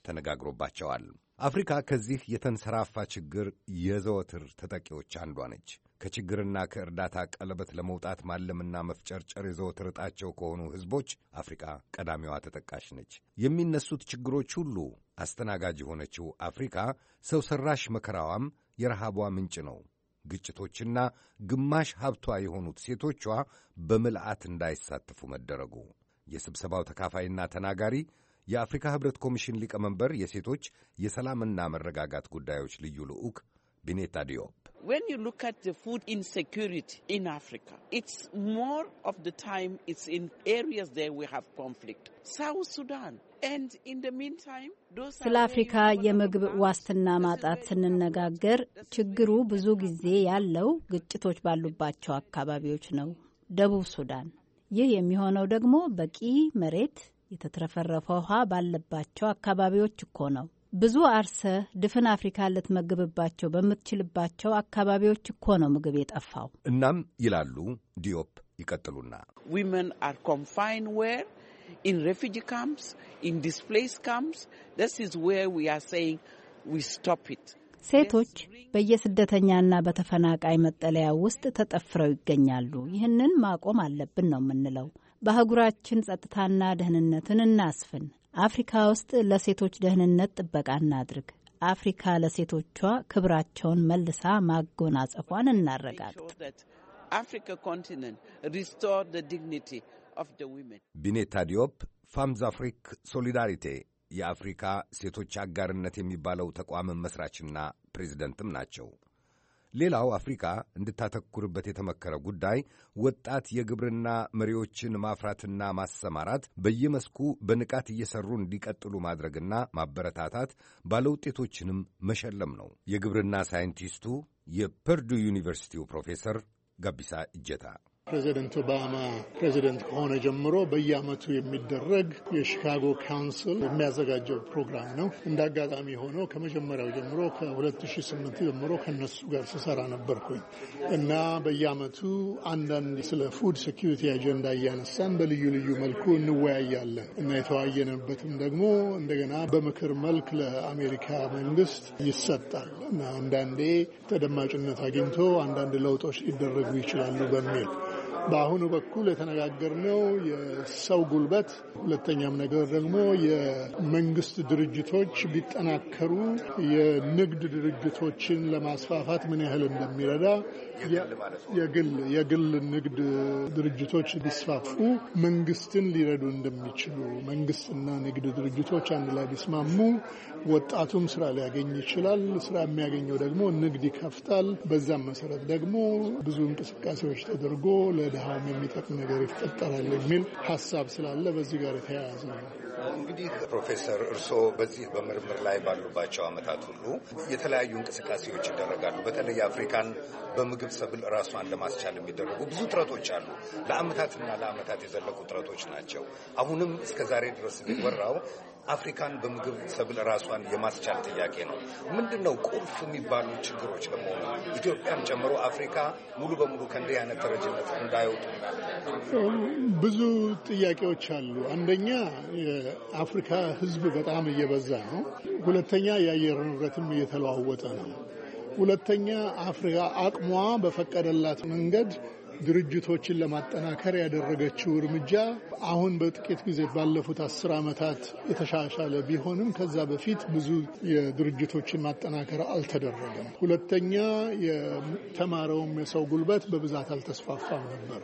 ተነጋግሮባቸዋል። አፍሪካ ከዚህ የተንሰራፋ ችግር የዘወትር ተጠቂዎች አንዷ ነች። ከችግርና ከእርዳታ ቀለበት ለመውጣት ማለምና መፍጨርጨር የዘወትር ዕጣቸው ከሆኑ ሕዝቦች አፍሪካ ቀዳሚዋ ተጠቃሽ ነች። የሚነሱት ችግሮች ሁሉ አስተናጋጅ የሆነችው አፍሪካ ሰው ሠራሽ መከራዋም የረሃቧ ምንጭ ነው። ግጭቶችና ግማሽ ሀብቷ የሆኑት ሴቶቿ በምልአት እንዳይሳተፉ መደረጉ የስብሰባው ተካፋይና ተናጋሪ የአፍሪካ ህብረት ኮሚሽን ሊቀመንበር የሴቶች የሰላምና መረጋጋት ጉዳዮች ልዩ ልዑክ ቢኔታ ዲዮፕ ስለ አፍሪካ የምግብ ዋስትና ማጣት ስንነጋገር ችግሩ ብዙ ጊዜ ያለው ግጭቶች ባሉባቸው አካባቢዎች ነው። ደቡብ ሱዳን። ይህ የሚሆነው ደግሞ በቂ መሬት የተትረፈረፈ ውሃ ባለባቸው አካባቢዎች እኮ ነው። ብዙ አርሰህ ድፍን አፍሪካ ልትመግብባቸው በምትችልባቸው አካባቢዎች እኮ ነው ምግብ የጠፋው። እናም ይላሉ ዲዮፕ ይቀጥሉና ዊመን አር ኮንፋይን ዌር ኢን ሬፊጂ ካምፕስ ኢን ካምፕስ ዚስ ኢዝ ዌር ዊ አር ሴይንግ ዊ ስቶፕ ኢት ሴቶች በየስደተኛና በተፈናቃይ መጠለያ ውስጥ ተጠፍረው ይገኛሉ። ይህንን ማቆም አለብን ነው የምንለው። በአህጉራችን ጸጥታና ደህንነትን እናስፍን። አፍሪካ ውስጥ ለሴቶች ደህንነት ጥበቃ እናድርግ። አፍሪካ ለሴቶቿ ክብራቸውን መልሳ ማጎናጸፏን እናረጋግጥ። ቢኔታ ዲዮፕ ፋምዝ አፍሪክ ሶሊዳሪቴ የአፍሪካ ሴቶች አጋርነት የሚባለው ተቋም መስራችና ፕሬዚደንትም ናቸው። ሌላው አፍሪካ እንድታተኩርበት የተመከረ ጉዳይ ወጣት የግብርና መሪዎችን ማፍራትና ማሰማራት፣ በየመስኩ በንቃት እየሰሩ እንዲቀጥሉ ማድረግና ማበረታታት፣ ባለውጤቶችንም መሸለም ነው። የግብርና ሳይንቲስቱ የፐርዱ ዩኒቨርሲቲው ፕሮፌሰር ጋቢሳ እጀታ ፕሬዚደንት ኦባማ ፕሬዚደንት ከሆነ ጀምሮ በየአመቱ የሚደረግ የሺካጎ ካውንስል የሚያዘጋጀው ፕሮግራም ነው። እንደ አጋጣሚ ሆነው ከመጀመሪያው ጀምሮ ከ2008 ጀምሮ ከነሱ ጋር ስሰራ ነበርኩኝ እና በየአመቱ አንዳንድ ስለ ፉድ ሴኪሪቲ አጀንዳ እያነሳን በልዩ ልዩ መልኩ እንወያያለን እና የተወያየንበትም ደግሞ እንደገና በምክር መልክ ለአሜሪካ መንግስት ይሰጣል እና አንዳንዴ ተደማጭነት አግኝቶ አንዳንድ ለውጦች ሊደረጉ ይችላሉ በሚል በአሁኑ በኩል የተነጋገርነው የሰው ጉልበት፣ ሁለተኛም ነገር ደግሞ የመንግስት ድርጅቶች ቢጠናከሩ የንግድ ድርጅቶችን ለማስፋፋት ምን ያህል እንደሚረዳ የግል የግል ንግድ ድርጅቶች ቢስፋፉ መንግስትን ሊረዱ እንደሚችሉ መንግስትና ንግድ ድርጅቶች አንድ ላይ ቢስማሙ ወጣቱም ስራ ሊያገኝ ይችላል። ስራ የሚያገኘው ደግሞ ንግድ ይከፍታል። በዛም መሰረት ደግሞ ብዙ እንቅስቃሴዎች ተደርጎ ለ ለድሃም የሚጠቅም ነገር ይፈጠራል የሚል ሀሳብ ስላለ በዚህ ጋር የተያያዘ ነው። እንግዲህ ፕሮፌሰር እርስዎ በዚህ በምርምር ላይ ባሉባቸው ዓመታት ሁሉ የተለያዩ እንቅስቃሴዎች ይደረጋሉ። በተለይ አፍሪካን በምግብ ሰብል ራሷን ለማስቻል የሚደረጉ ብዙ ጥረቶች አሉ። ለዓመታትና ለዓመታት የዘለቁ ጥረቶች ናቸው። አሁንም እስከ ዛሬ ድረስ የሚወራው አፍሪካን በምግብ ሰብል ራሷን የማስቻል ጥያቄ ነው። ምንድን ነው ቁልፍ የሚባሉ ችግሮች ለመሆኑ ኢትዮጵያን ጨምሮ አፍሪካ ሙሉ በሙሉ ከእንዲህ አይነት ተረጅነት እንዳይወጡ? ብዙ ጥያቄዎች አሉ። አንደኛ የአፍሪካ ሕዝብ በጣም እየበዛ ነው። ሁለተኛ የአየር ንብረትም እየተለዋወጠ ነው። ሁለተኛ አፍሪካ አቅሟ በፈቀደላት መንገድ ድርጅቶችን ለማጠናከር ያደረገችው እርምጃ አሁን በጥቂት ጊዜ ባለፉት አስር ዓመታት የተሻሻለ ቢሆንም ከዛ በፊት ብዙ የድርጅቶችን ማጠናከር አልተደረገም። ሁለተኛ የተማረውም የሰው ጉልበት በብዛት አልተስፋፋም ነበር።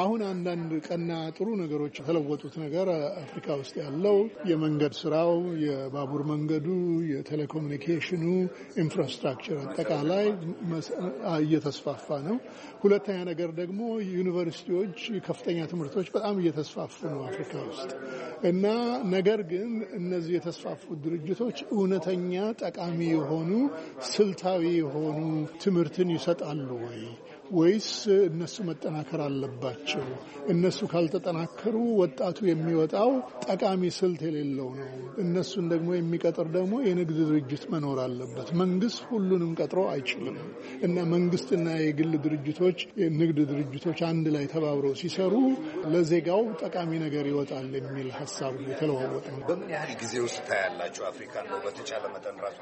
አሁን አንዳንድ ቀና ጥሩ ነገሮች የተለወጡት ነገር አፍሪካ ውስጥ ያለው የመንገድ ስራው፣ የባቡር መንገዱ፣ የቴሌኮሙኒኬሽኑ ኢንፍራስትራክቸር አጠቃላይ እየተስፋፋ ነው። ሁለተኛ ነገር ደግሞ ደግሞ ዩኒቨርሲቲዎች፣ ከፍተኛ ትምህርቶች በጣም እየተስፋፉ ነው አፍሪካ ውስጥ እና ነገር ግን እነዚህ የተስፋፉ ድርጅቶች እውነተኛ ጠቃሚ የሆኑ ስልታዊ የሆኑ ትምህርትን ይሰጣሉ ወይ ወይስ እነሱ መጠናከር አለባቸው? እነሱ ካልተጠናከሩ ወጣቱ የሚወጣው ጠቃሚ ስልት የሌለው ነው። እነሱን ደግሞ የሚቀጥር ደግሞ የንግድ ድርጅት መኖር አለበት። መንግስት ሁሉንም ቀጥሮ አይችልም እና መንግስትና የግል ድርጅቶች፣ ንግድ ድርጅቶች አንድ ላይ ተባብረው ሲሰሩ ለዜጋው ጠቃሚ ነገር ይወጣል የሚል ሀሳብ የተለዋወጠ ነው። በምን ያህል ጊዜ ውስጥ ታያላቸው አፍሪካ ነው በተቻለ መጠን ራሱ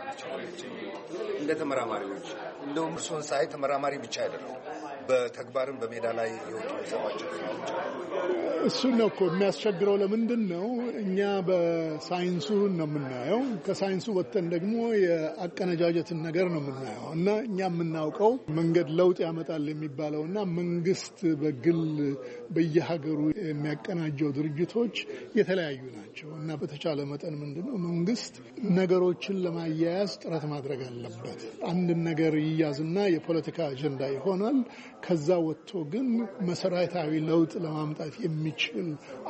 ተመራማሪዎች እንደውም እርስዎን ሳይ ተመራማሪ ብቻ አይደለም በተግባርም በሜዳ ላይ የወጡ ሰባቸው ስራዎች እሱን ነው እኮ የሚያስቸግረው። ለምንድን ነው እኛ በሳይንሱ ነው የምናየው፣ ከሳይንሱ ወጥተን ደግሞ የአቀነጃጀትን ነገር ነው የምናየው እና እኛ የምናውቀው መንገድ ለውጥ ያመጣል የሚባለው እና መንግስት በግል በየሀገሩ የሚያቀናጀው ድርጅቶች የተለያዩ ናቸው እና በተቻለ መጠን ምንድን ነው መንግስት ነገሮችን ለማያያዝ ጥረት ማድረግ አለበት። አንድን ነገር ይያዝና የፖለቲካ አጀንዳ ይሆናል። ከዛ ወጥቶ ግን መሰረታዊ ለውጥ ለማምጣት የሚችል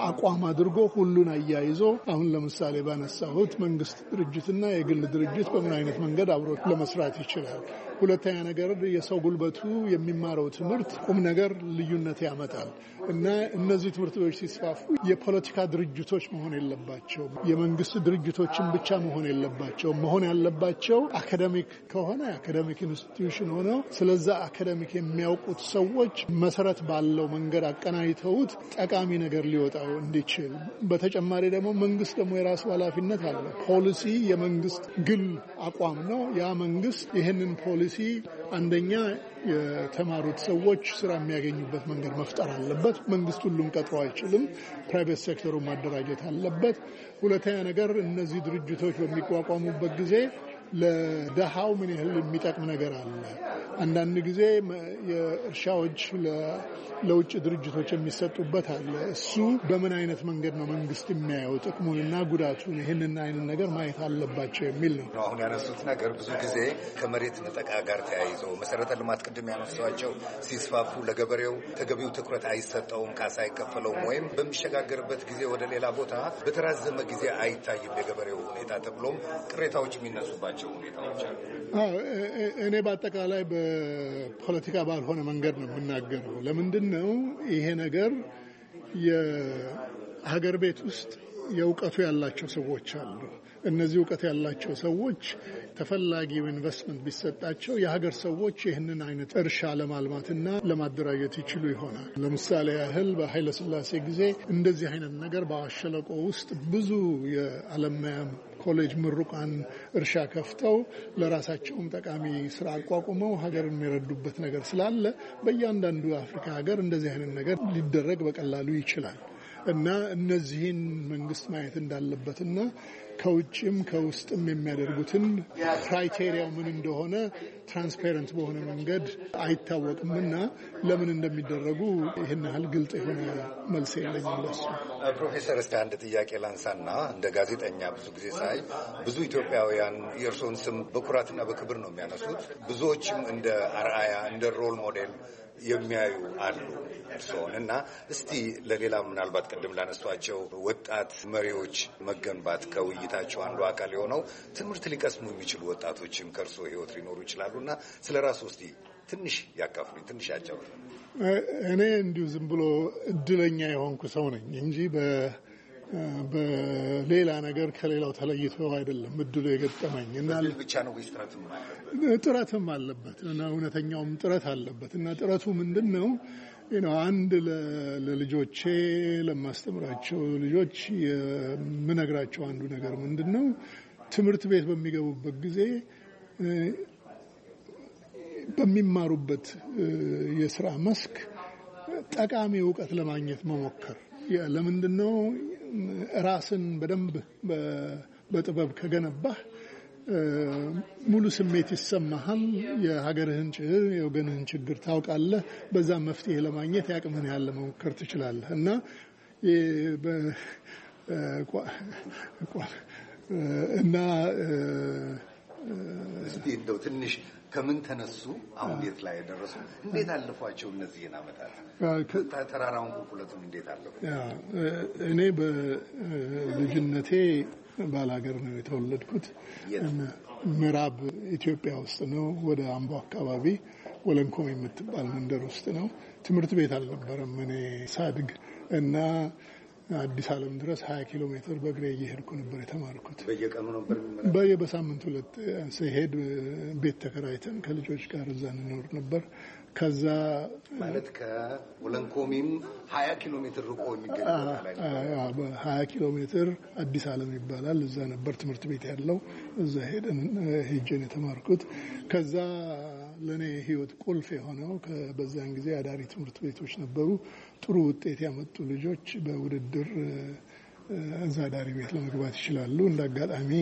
አቋም አድርጎ ሁሉን አያይዞ አሁን ለምሳሌ ባነሳሁት መንግስት ድርጅትና የግል ድርጅት በምን አይነት መንገድ አብሮት ለመስራት ይችላል ሁለተኛ ነገር የሰው ጉልበቱ የሚማረው ትምህርት ቁም ነገር ልዩነት ያመጣል እና እነዚህ ትምህርት ቤቶች ሲስፋፉ የፖለቲካ ድርጅቶች መሆን የለባቸውም። የመንግስት ድርጅቶችን ብቻ መሆን የለባቸውም። መሆን ያለባቸው አካደሚክ ከሆነ አካደሚክ ኢንስቲትዩሽን ሆነው ስለዛ አካደሚክ የሚያውቁት ሰዎች መሰረት ባለው መንገድ አቀናጅተውት ጠቃሚ ነገር ሊወጣው እንዲችል። በተጨማሪ ደግሞ መንግስት ደግሞ የራሱ ኃላፊነት አለ። ፖሊሲ የመንግስት ግል አቋም ነው። ያ መንግስት ይህንን ፖሊሲ ፖሊሲ አንደኛ የተማሩት ሰዎች ስራ የሚያገኙበት መንገድ መፍጠር አለበት። መንግስት ሁሉም ቀጥሮ አይችልም። ፕራይቬት ሴክተሩ ማደራጀት አለበት። ሁለተኛ ነገር እነዚህ ድርጅቶች በሚቋቋሙበት ጊዜ ለደሃው ምን ያህል የሚጠቅም ነገር አለ። አንዳንድ ጊዜ የእርሻዎች ለውጭ ድርጅቶች የሚሰጡበት አለ። እሱ በምን አይነት መንገድ ነው መንግስት የሚያየው ጥቅሙንና ጉዳቱን ይህንን አይነት ነገር ማየት አለባቸው የሚል ነው። አሁን ያነሱት ነገር ብዙ ጊዜ ከመሬት ነጠቃ ጋር ተያይዞ መሰረተ ልማት ቅድም ያነሷቸው ሲስፋፉ ለገበሬው ተገቢው ትኩረት አይሰጠውም፣ ካሳ አይከፈለውም፣ ወይም በሚሸጋገርበት ጊዜ ወደ ሌላ ቦታ በተራዘመ ጊዜ አይታይም የገበሬው ሁኔታ ተብሎም ቅሬታዎች የሚነሱባቸው ሁኔታዎች አሉ። እኔ በአጠቃላይ በፖለቲካ ባልሆነ መንገድ ነው የምናገረው። ለምንድን ነው ይሄ ነገር የሀገር ቤት ውስጥ የእውቀቱ ያላቸው ሰዎች አሉ እነዚህ እውቀት ያላቸው ሰዎች ተፈላጊው ኢንቨስትመንት ቢሰጣቸው የሀገር ሰዎች ይህንን አይነት እርሻ ለማልማትና ለማደራጀት ይችሉ ይሆናል። ለምሳሌ ያህል በኃይለስላሴ ጊዜ እንደዚህ አይነት ነገር በአዋሽ ሸለቆ ውስጥ ብዙ የአለማያም ኮሌጅ ምሩቃን እርሻ ከፍተው ለራሳቸውም ጠቃሚ ስራ አቋቁመው ሀገርን የሚረዱበት ነገር ስላለ በእያንዳንዱ አፍሪካ ሀገር እንደዚህ አይነት ነገር ሊደረግ በቀላሉ ይችላል እና እነዚህን መንግስት ማየት እንዳለበትና ከውጭም ከውስጥም የሚያደርጉትን ክራይቴሪያው ምን እንደሆነ ትራንስፓረንት በሆነ መንገድ አይታወቅም እና ለምን እንደሚደረጉ ይህን ያህል ግልጽ የሆነ መልስ የለኝም ለሱ። ፕሮፌሰር፣ እስቲ አንድ ጥያቄ ላንሳና እንደ ጋዜጠኛ ብዙ ጊዜ ሳይ ብዙ ኢትዮጵያውያን የእርስዎን ስም በኩራትና በክብር ነው የሚያነሱት። ብዙዎችም እንደ አርአያ እንደ ሮል ሞዴል የሚያዩ አሉ እርስዎን እና እስቲ ለሌላ ምናልባት ቅድም ላነሷቸው ወጣት መሪዎች መገንባት ከውይይታቸው አንዱ አካል የሆነው ትምህርት ሊቀስሙ የሚችሉ ወጣቶችም ከእርስዎ ህይወት ሊኖሩ ይችላሉ እና ስለ ራሱ እስቲ ትንሽ ያካፍሉኝ፣ ትንሽ ያጫውት። እኔ እንዲሁ ዝም ብሎ እድለኛ የሆንኩ ሰው ነኝ እንጂ በሌላ ነገር ከሌላው ተለይቶ አይደለም እድሉ የገጠመኝ እና ጥረትም አለበት እና እውነተኛውም ጥረት አለበት እና ጥረቱ ምንድን ነው? አንድ ለልጆቼ ለማስተምራቸው ልጆች የምነግራቸው አንዱ ነገር ምንድን ነው? ትምህርት ቤት በሚገቡበት ጊዜ በሚማሩበት የስራ መስክ ጠቃሚ እውቀት ለማግኘት መሞከር ለምንድን ነው ራስን በደንብ በጥበብ ከገነባህ ሙሉ ስሜት ይሰማሃል። የሀገርህን ችግር የወገንህን ችግር ታውቃለህ። በዛ መፍትሄ ለማግኘት ያቅምህን ያለ መሞከር ትችላለህ እና እና እንደው ትንሽ ከምን ተነሱ? አሁን የት ላይ የደረሱ? እንዴት አለፏቸው እነዚህን ዓመታት? ተራራውን ቁልቁለቱን እንዴት አለፉ? እኔ በልጅነቴ ባላገር ነው የተወለድኩት። ምዕራብ ኢትዮጵያ ውስጥ ነው፣ ወደ አምቦ አካባቢ ወለንኮ የምትባል መንደር ውስጥ ነው። ትምህርት ቤት አልነበረም እኔ ሳድግ እና አዲስ ዓለም ድረስ ሀያ ኪሎ ሜትር በእግሬ እየሄድኩ ነበር የተማርኩት። በየቀኑ ነበር በየበሳምንት ሁለት ሲሄድ ቤት ተከራይተን ከልጆች ጋር እዛ እንኖር ነበር። ከዛ ማለት ከወለንኮሚም ሀያ ኪሎ ሜትር ርቆ የሚገኝ ሀያ ኪሎ ሜትር አዲስ ዓለም ይባላል። እዛ ነበር ትምህርት ቤት ያለው። እዛ ሄደን ሄጄን የተማርኩት ከዛ ለእኔ ህይወት ቁልፍ የሆነው በዚያን ጊዜ አዳሪ ትምህርት ቤቶች ነበሩ። ጥሩ ውጤት ያመጡ ልጆች በውድድር እዛ አዳሪ ቤት ለመግባት ይችላሉ። እንደ አጋጣሚ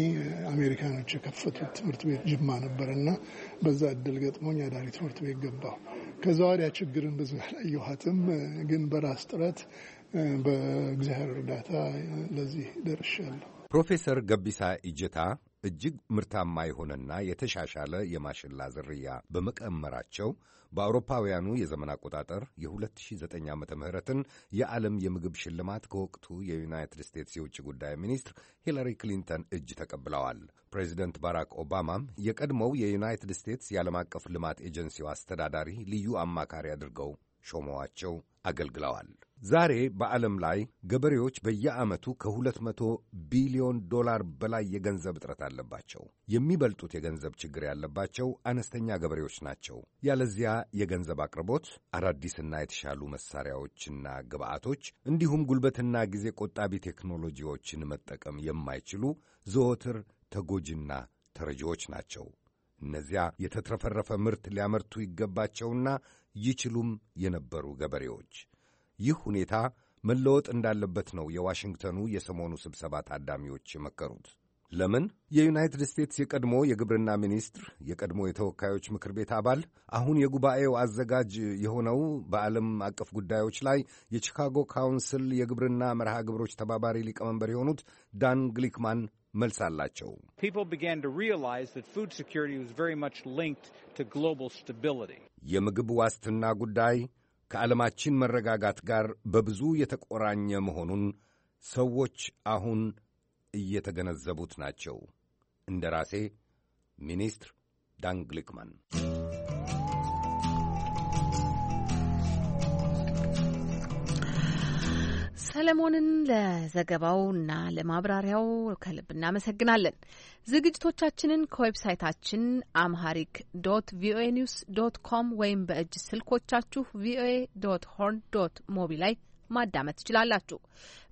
አሜሪካኖች የከፈቱት ትምህርት ቤት ጅማ ነበር እና በዛ እድል ገጥሞኝ አዳሪ ትምህርት ቤት ገባሁ። ከዛ ወዲያ ችግርን ብዙ ያላየኋትም፣ ግን በራስ ጥረት በእግዚአብሔር እርዳታ ለዚህ ደርሻለሁ። ፕሮፌሰር ገቢሳ ኢጀታ እጅግ ምርታማ የሆነና የተሻሻለ የማሽላ ዝርያ በመቀመራቸው በአውሮፓውያኑ የዘመን አቆጣጠር የ2009 ዓ ምህረትን የዓለም የምግብ ሽልማት ከወቅቱ የዩናይትድ ስቴትስ የውጭ ጉዳይ ሚኒስትር ሂላሪ ክሊንተን እጅ ተቀብለዋል። ፕሬዚደንት ባራክ ኦባማም የቀድሞው የዩናይትድ ስቴትስ የዓለም አቀፍ ልማት ኤጀንሲው አስተዳዳሪ ልዩ አማካሪ አድርገው ሾመዋቸው አገልግለዋል። ዛሬ በዓለም ላይ ገበሬዎች በየዓመቱ ከ200 ቢሊዮን ዶላር በላይ የገንዘብ እጥረት አለባቸው። የሚበልጡት የገንዘብ ችግር ያለባቸው አነስተኛ ገበሬዎች ናቸው። ያለዚያ የገንዘብ አቅርቦት፣ አዳዲስና የተሻሉ መሳሪያዎችና ግብዓቶች እንዲሁም ጉልበትና ጊዜ ቆጣቢ ቴክኖሎጂዎችን መጠቀም የማይችሉ ዘወትር ተጎጂና ተረጂዎች ናቸው። እነዚያ የተትረፈረፈ ምርት ሊያመርቱ ይገባቸውና ይችሉም የነበሩ ገበሬዎች። ይህ ሁኔታ መለወጥ እንዳለበት ነው የዋሽንግተኑ የሰሞኑ ስብሰባ ታዳሚዎች የመከሩት። ለምን? የዩናይትድ ስቴትስ የቀድሞ የግብርና ሚኒስትር፣ የቀድሞ የተወካዮች ምክር ቤት አባል፣ አሁን የጉባኤው አዘጋጅ የሆነው በዓለም አቀፍ ጉዳዮች ላይ የቺካጎ ካውንስል የግብርና መርሃ ግብሮች ተባባሪ ሊቀመንበር የሆኑት ዳን ግሊክማን መልስ አላቸው። የምግብ ዋስትና ጉዳይ ከዓለማችን መረጋጋት ጋር በብዙ የተቆራኘ መሆኑን ሰዎች አሁን እየተገነዘቡት ናቸው። እንደ ራሴ ሚኒስትር ዳንግሊክማን ሰለሞንን ለዘገባውና ለማብራሪያው ከልብ እናመሰግናለን። ዝግጅቶቻችንን ከዌብሳይታችን አምሃሪክ ዶት ቪኦኤ ኒውስ ዶት ኮም ወይም በእጅ ስልኮቻችሁ ቪኦኤ ዶት ሆርን ዶት ሞቢ ላይ ማዳመጥ ትችላላችሁ።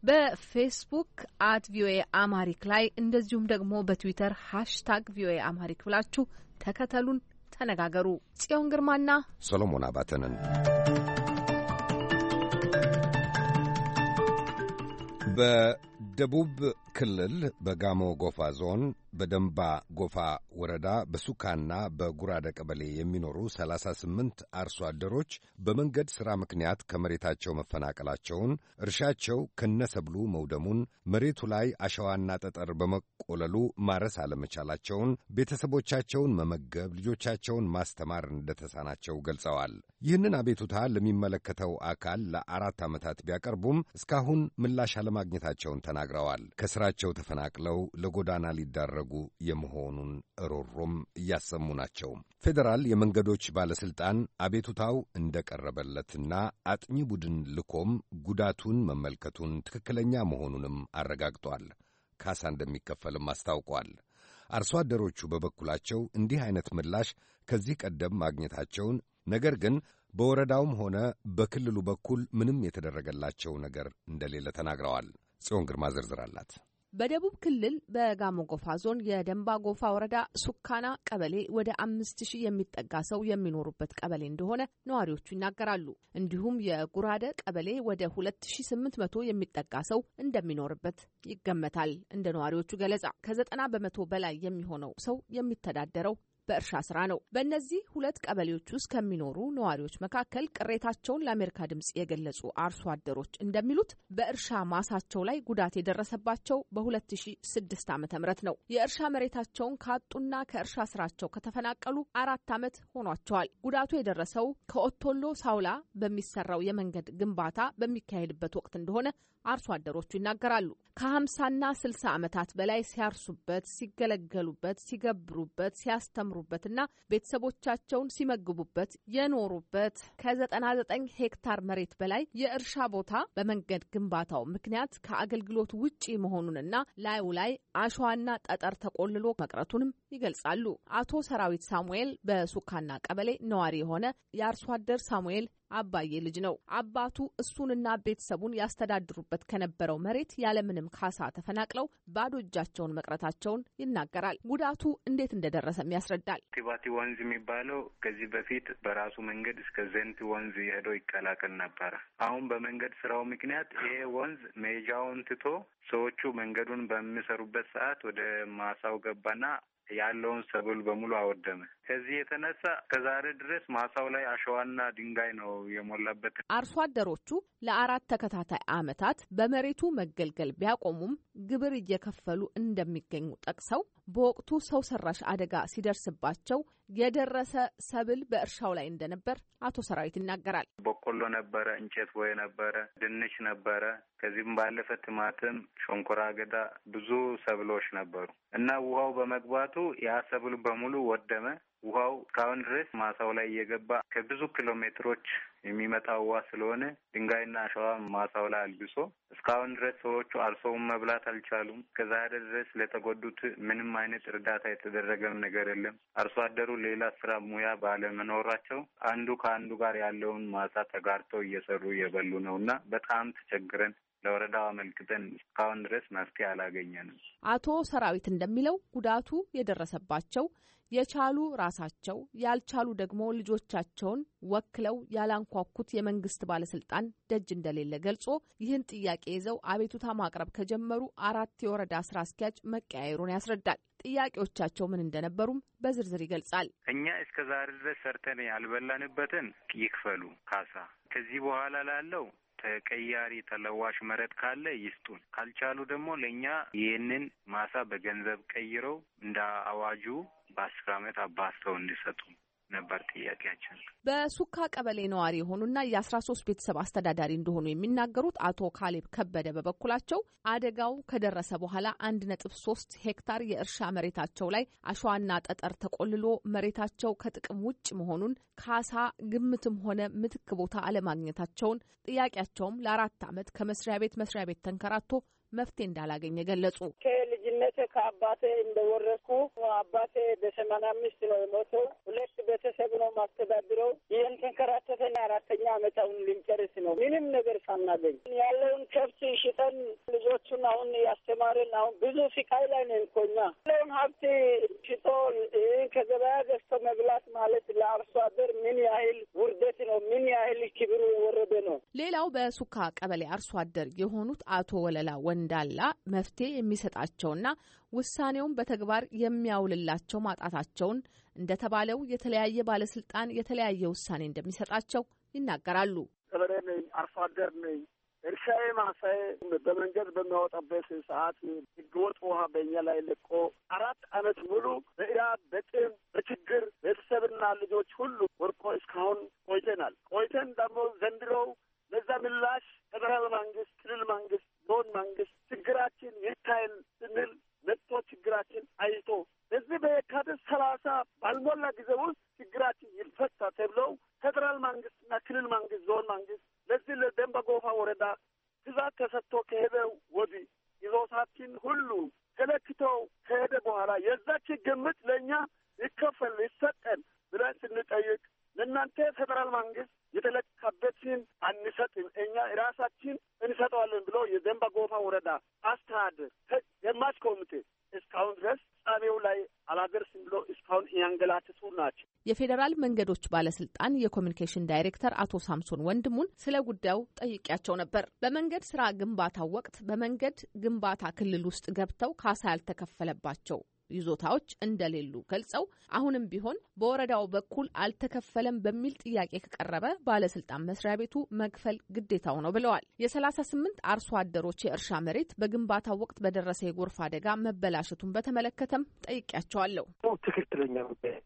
በፌስቡክ አት ቪኦኤ አማሪክ ላይ እንደዚሁም ደግሞ በትዊተር ሃሽታግ ቪኦኤ አማሪክ ብላችሁ ተከተሉን፣ ተነጋገሩ። ጽዮን ግርማና ሰሎሞን አባተንን በደቡብ ክልል በጋሞ ጎፋ ዞን በደንባ ጎፋ ወረዳ በሱካና በጉራደ ቀበሌ የሚኖሩ 38 አርሶ አደሮች በመንገድ ሥራ ምክንያት ከመሬታቸው መፈናቀላቸውን፣ እርሻቸው ከነሰብሉ መውደሙን፣ መሬቱ ላይ አሸዋና ጠጠር በመቆለሉ ማረስ አለመቻላቸውን፣ ቤተሰቦቻቸውን መመገብ፣ ልጆቻቸውን ማስተማር እንደተሳናቸው ገልጸዋል። ይህንን አቤቱታ ለሚመለከተው አካል ለአራት ዓመታት ቢያቀርቡም እስካሁን ምላሽ አለማግኘታቸውን ተናግረዋል። ከሥራቸው ተፈናቅለው ለጎዳና ሊዳረጉ እያደረጉ የመሆኑን ሮሮም እያሰሙ ናቸው። ፌዴራል የመንገዶች ባለሥልጣን አቤቱታው እንደቀረበለትና አጥኚ ቡድን ልኮም ጉዳቱን መመልከቱን ትክክለኛ መሆኑንም አረጋግጧል። ካሳ እንደሚከፈልም አስታውቋል። አርሶ አደሮቹ በበኩላቸው እንዲህ አይነት ምላሽ ከዚህ ቀደም ማግኘታቸውን ነገር ግን በወረዳውም ሆነ በክልሉ በኩል ምንም የተደረገላቸው ነገር እንደሌለ ተናግረዋል። ጽዮን ግርማ ዝርዝር አላት። በደቡብ ክልል በጋሞ ጎፋ ዞን የደንባ ጎፋ ወረዳ ሱካና ቀበሌ ወደ አምስት ሺህ የሚጠጋ ሰው የሚኖሩበት ቀበሌ እንደሆነ ነዋሪዎቹ ይናገራሉ። እንዲሁም የጉራደ ቀበሌ ወደ ሁለት ሺህ ስምንት መቶ የሚጠጋ ሰው እንደሚኖርበት ይገመታል። እንደ ነዋሪዎቹ ገለጻ ከዘጠና በመቶ በላይ የሚሆነው ሰው የሚተዳደረው በእርሻ ስራ ነው። በእነዚህ ሁለት ቀበሌዎች ውስጥ ከሚኖሩ ነዋሪዎች መካከል ቅሬታቸውን ለአሜሪካ ድምጽ የገለጹ አርሶ አደሮች እንደሚሉት በእርሻ ማሳቸው ላይ ጉዳት የደረሰባቸው በ2006 ዓ ም ነው። የእርሻ መሬታቸውን ካጡና ከእርሻ ስራቸው ከተፈናቀሉ አራት ዓመት ሆኗቸዋል። ጉዳቱ የደረሰው ከኦቶሎ ሳውላ በሚሰራው የመንገድ ግንባታ በሚካሄድበት ወቅት እንደሆነ አርሶ አደሮቹ ይናገራሉ። ከ50ና 60 ዓመታት በላይ ሲያርሱበት፣ ሲገለገሉበት፣ ሲገብሩበት፣ ሲያስተምሩ ሲያምሩበትና ቤተሰቦቻቸውን ሲመግቡበት የኖሩበት ከ99 ሄክታር መሬት በላይ የእርሻ ቦታ በመንገድ ግንባታው ምክንያት ከአገልግሎት ውጪ መሆኑንና ላዩ ላይ አሸዋና ጠጠር ተቆልሎ መቅረቱንም ይገልጻሉ። አቶ ሰራዊት ሳሙኤል በሱካና ቀበሌ ነዋሪ የሆነ የአርሶ አደር ሳሙኤል አባዬ ልጅ ነው። አባቱ እሱንና ቤተሰቡን ያስተዳድሩበት ከነበረው መሬት ያለምንም ካሳ ተፈናቅለው ባዶ እጃቸውን መቅረታቸውን ይናገራል። ጉዳቱ እንዴት እንደደረሰም ያስረዳል። ቲባቲ ወንዝ የሚባለው ከዚህ በፊት በራሱ መንገድ እስከ ዘንቲ ወንዝ ሄዶ ይቀላቀል ነበረ። አሁን በመንገድ ስራው ምክንያት ይሄ ወንዝ ሜጃውን ትቶ ሰዎቹ መንገዱን በሚሰሩበት ሰዓት ወደ ማሳው ገባና ያለውን ሰብል በሙሉ አወደመ። ከዚህ የተነሳ ከዛሬ ድረስ ማሳው ላይ አሸዋና ድንጋይ ነው የሞላበት። አርሶ አደሮቹ ለአራት ተከታታይ ዓመታት በመሬቱ መገልገል ቢያቆሙም ግብር እየከፈሉ እንደሚገኙ ጠቅሰው በወቅቱ ሰው ሰራሽ አደጋ ሲደርስባቸው የደረሰ ሰብል በእርሻው ላይ እንደነበር አቶ ሰራዊት ይናገራል። በቆሎ ነበረ፣ እንጨት ቦይ ነበረ፣ ድንች ነበረ። ከዚህም ባለፈ ትማትም ሸንኮራ አገዳ፣ ብዙ ሰብሎች ነበሩ እና ውሃው በመግባቱ ያ ሰብሉ በሙሉ ወደመ። ውሃው እስካሁን ድረስ ማሳው ላይ እየገባ ከብዙ ኪሎ ሜትሮች የሚመጣ ውሃ ስለሆነ ድንጋይና አሸዋ ማሳው ላይ አልብሶ እስካሁን ድረስ ሰዎቹ አርሰውን መብላት አልቻሉም። ከዛሬ ድረስ ለተጎዱት ምንም አይነት እርዳታ የተደረገም ነገር የለም። አርሶ አደሩ ሌላ ስራ ሙያ ባለመኖራቸው አንዱ ከአንዱ ጋር ያለውን ማሳ ተጋርተው እየሰሩ እየበሉ ነው እና በጣም ተቸግረን ለወረዳው አመልክተን እስካሁን ድረስ መፍትሄ አላገኘንም። አቶ ሰራዊት እንደሚለው ጉዳቱ የደረሰባቸው የቻሉ ራሳቸው ያልቻሉ ደግሞ ልጆቻቸውን ወክለው ያላንኳኩት የመንግስት ባለስልጣን ደጅ እንደሌለ ገልጾ ይህን ጥያቄ ይዘው አቤቱታ ማቅረብ ከጀመሩ አራት የወረዳ ስራ አስኪያጅ መቀያየሩን ያስረዳል። ጥያቄዎቻቸው ምን እንደነበሩም በዝርዝር ይገልጻል። እኛ እስከ ዛሬ ድረስ ሰርተን ያልበላንበትን ይክፈሉ ካሳ። ከዚህ በኋላ ላለው ተቀያሪ ተለዋሽ መሬት ካለ ይስጡን፣ ካልቻሉ ደግሞ ለእኛ ይህንን ማሳ በገንዘብ ቀይረው እንደ አዋጁ በአስር አመት አባስተው እንዲሰጡ ነበር ጥያቄያችን። በሱካ ቀበሌ ነዋሪ የሆኑና የአስራ ሶስት ቤተሰብ አስተዳዳሪ እንደሆኑ የሚናገሩት አቶ ካሌብ ከበደ በበኩላቸው አደጋው ከደረሰ በኋላ አንድ ነጥብ ሶስት ሄክታር የእርሻ መሬታቸው ላይ አሸዋና ጠጠር ተቆልሎ መሬታቸው ከጥቅም ውጭ መሆኑን ካሳ ግምትም ሆነ ምትክ ቦታ አለማግኘታቸውን ጥያቄያቸውም ለአራት ዓመት ከመስሪያ ቤት መስሪያ ቤት ተንከራቶ መፍትሄ እንዳላገኘ ገለጹ። በልጅነቴ ከአባቴ እንደወረስኩ አባቴ በሰማንያ አምስት ነው የሞተው። ሁለት ቤተሰብ ነው ማስተዳድረው። ይህን ተንከራተተን አራተኛ አመታውን ልንጨርስ ነው ምንም ነገር ሳናገኝ ያለውን ከብት ሽጠን ልጆቹን አሁን ያስተማርን አሁን ብዙ ስቃይ ላይ ነን እኮ እኛ። ያለውን ሀብት ሽጦ ይህን ከገበያ ገዝቶ መብላት ማለት ለአርሶ አደር ምን ያህል ውርደት ነው፣ ምን ያህል ክብሩ የወረደ ነው። ሌላው በሱካ ቀበሌ አርሶ አደር የሆኑት አቶ ወለላ ወንዳላ መፍትሄ የሚሰጣቸውን እና ውሳኔውን በተግባር የሚያውልላቸው ማጣታቸውን እንደተባለው የተለያየ ባለስልጣን የተለያየ ውሳኔ እንደሚሰጣቸው ይናገራሉ። ገበሬ ነኝ፣ አርሶ አደር ነኝ። እርሻዬ ማሳዬ በመንገድ በሚያወጣበት ሰዓት ህገወጥ ውሃ በእኛ ላይ ልቆ አራት አመት ሙሉ በኢራብ በጥም በችግር ቤተሰብና ልጆች ሁሉ ወርቆ እስካሁን ቆይተናል። ቆይተን ደግሞ ዘንድሮው ለዛ ምላሽ ፌደራል መንግስት፣ ክልል መንግስት፣ ዞን መንግስት ችግራችን ይታይል ባልሞላ ጊዜ ውስጥ የፌዴራል መንገዶች ባለስልጣን የኮሚኒኬሽን ዳይሬክተር አቶ ሳምሶን ወንድሙን ስለ ጉዳዩ ጠይቄያቸው ነበር። በመንገድ ስራ ግንባታው ወቅት በመንገድ ግንባታ ክልል ውስጥ ገብተው ካሳ ያልተከፈለባቸው ይዞታዎች እንደሌሉ ገልጸው አሁንም ቢሆን በወረዳው በኩል አልተከፈለም በሚል ጥያቄ ከቀረበ ባለስልጣን መስሪያ ቤቱ መክፈል ግዴታው ነው ብለዋል። የ38 አርሶ አደሮች የእርሻ መሬት በግንባታው ወቅት በደረሰ የጎርፍ አደጋ መበላሸቱን በተመለከተም ጠይቄያቸዋለሁ። ትክክለኛ ጉዳይ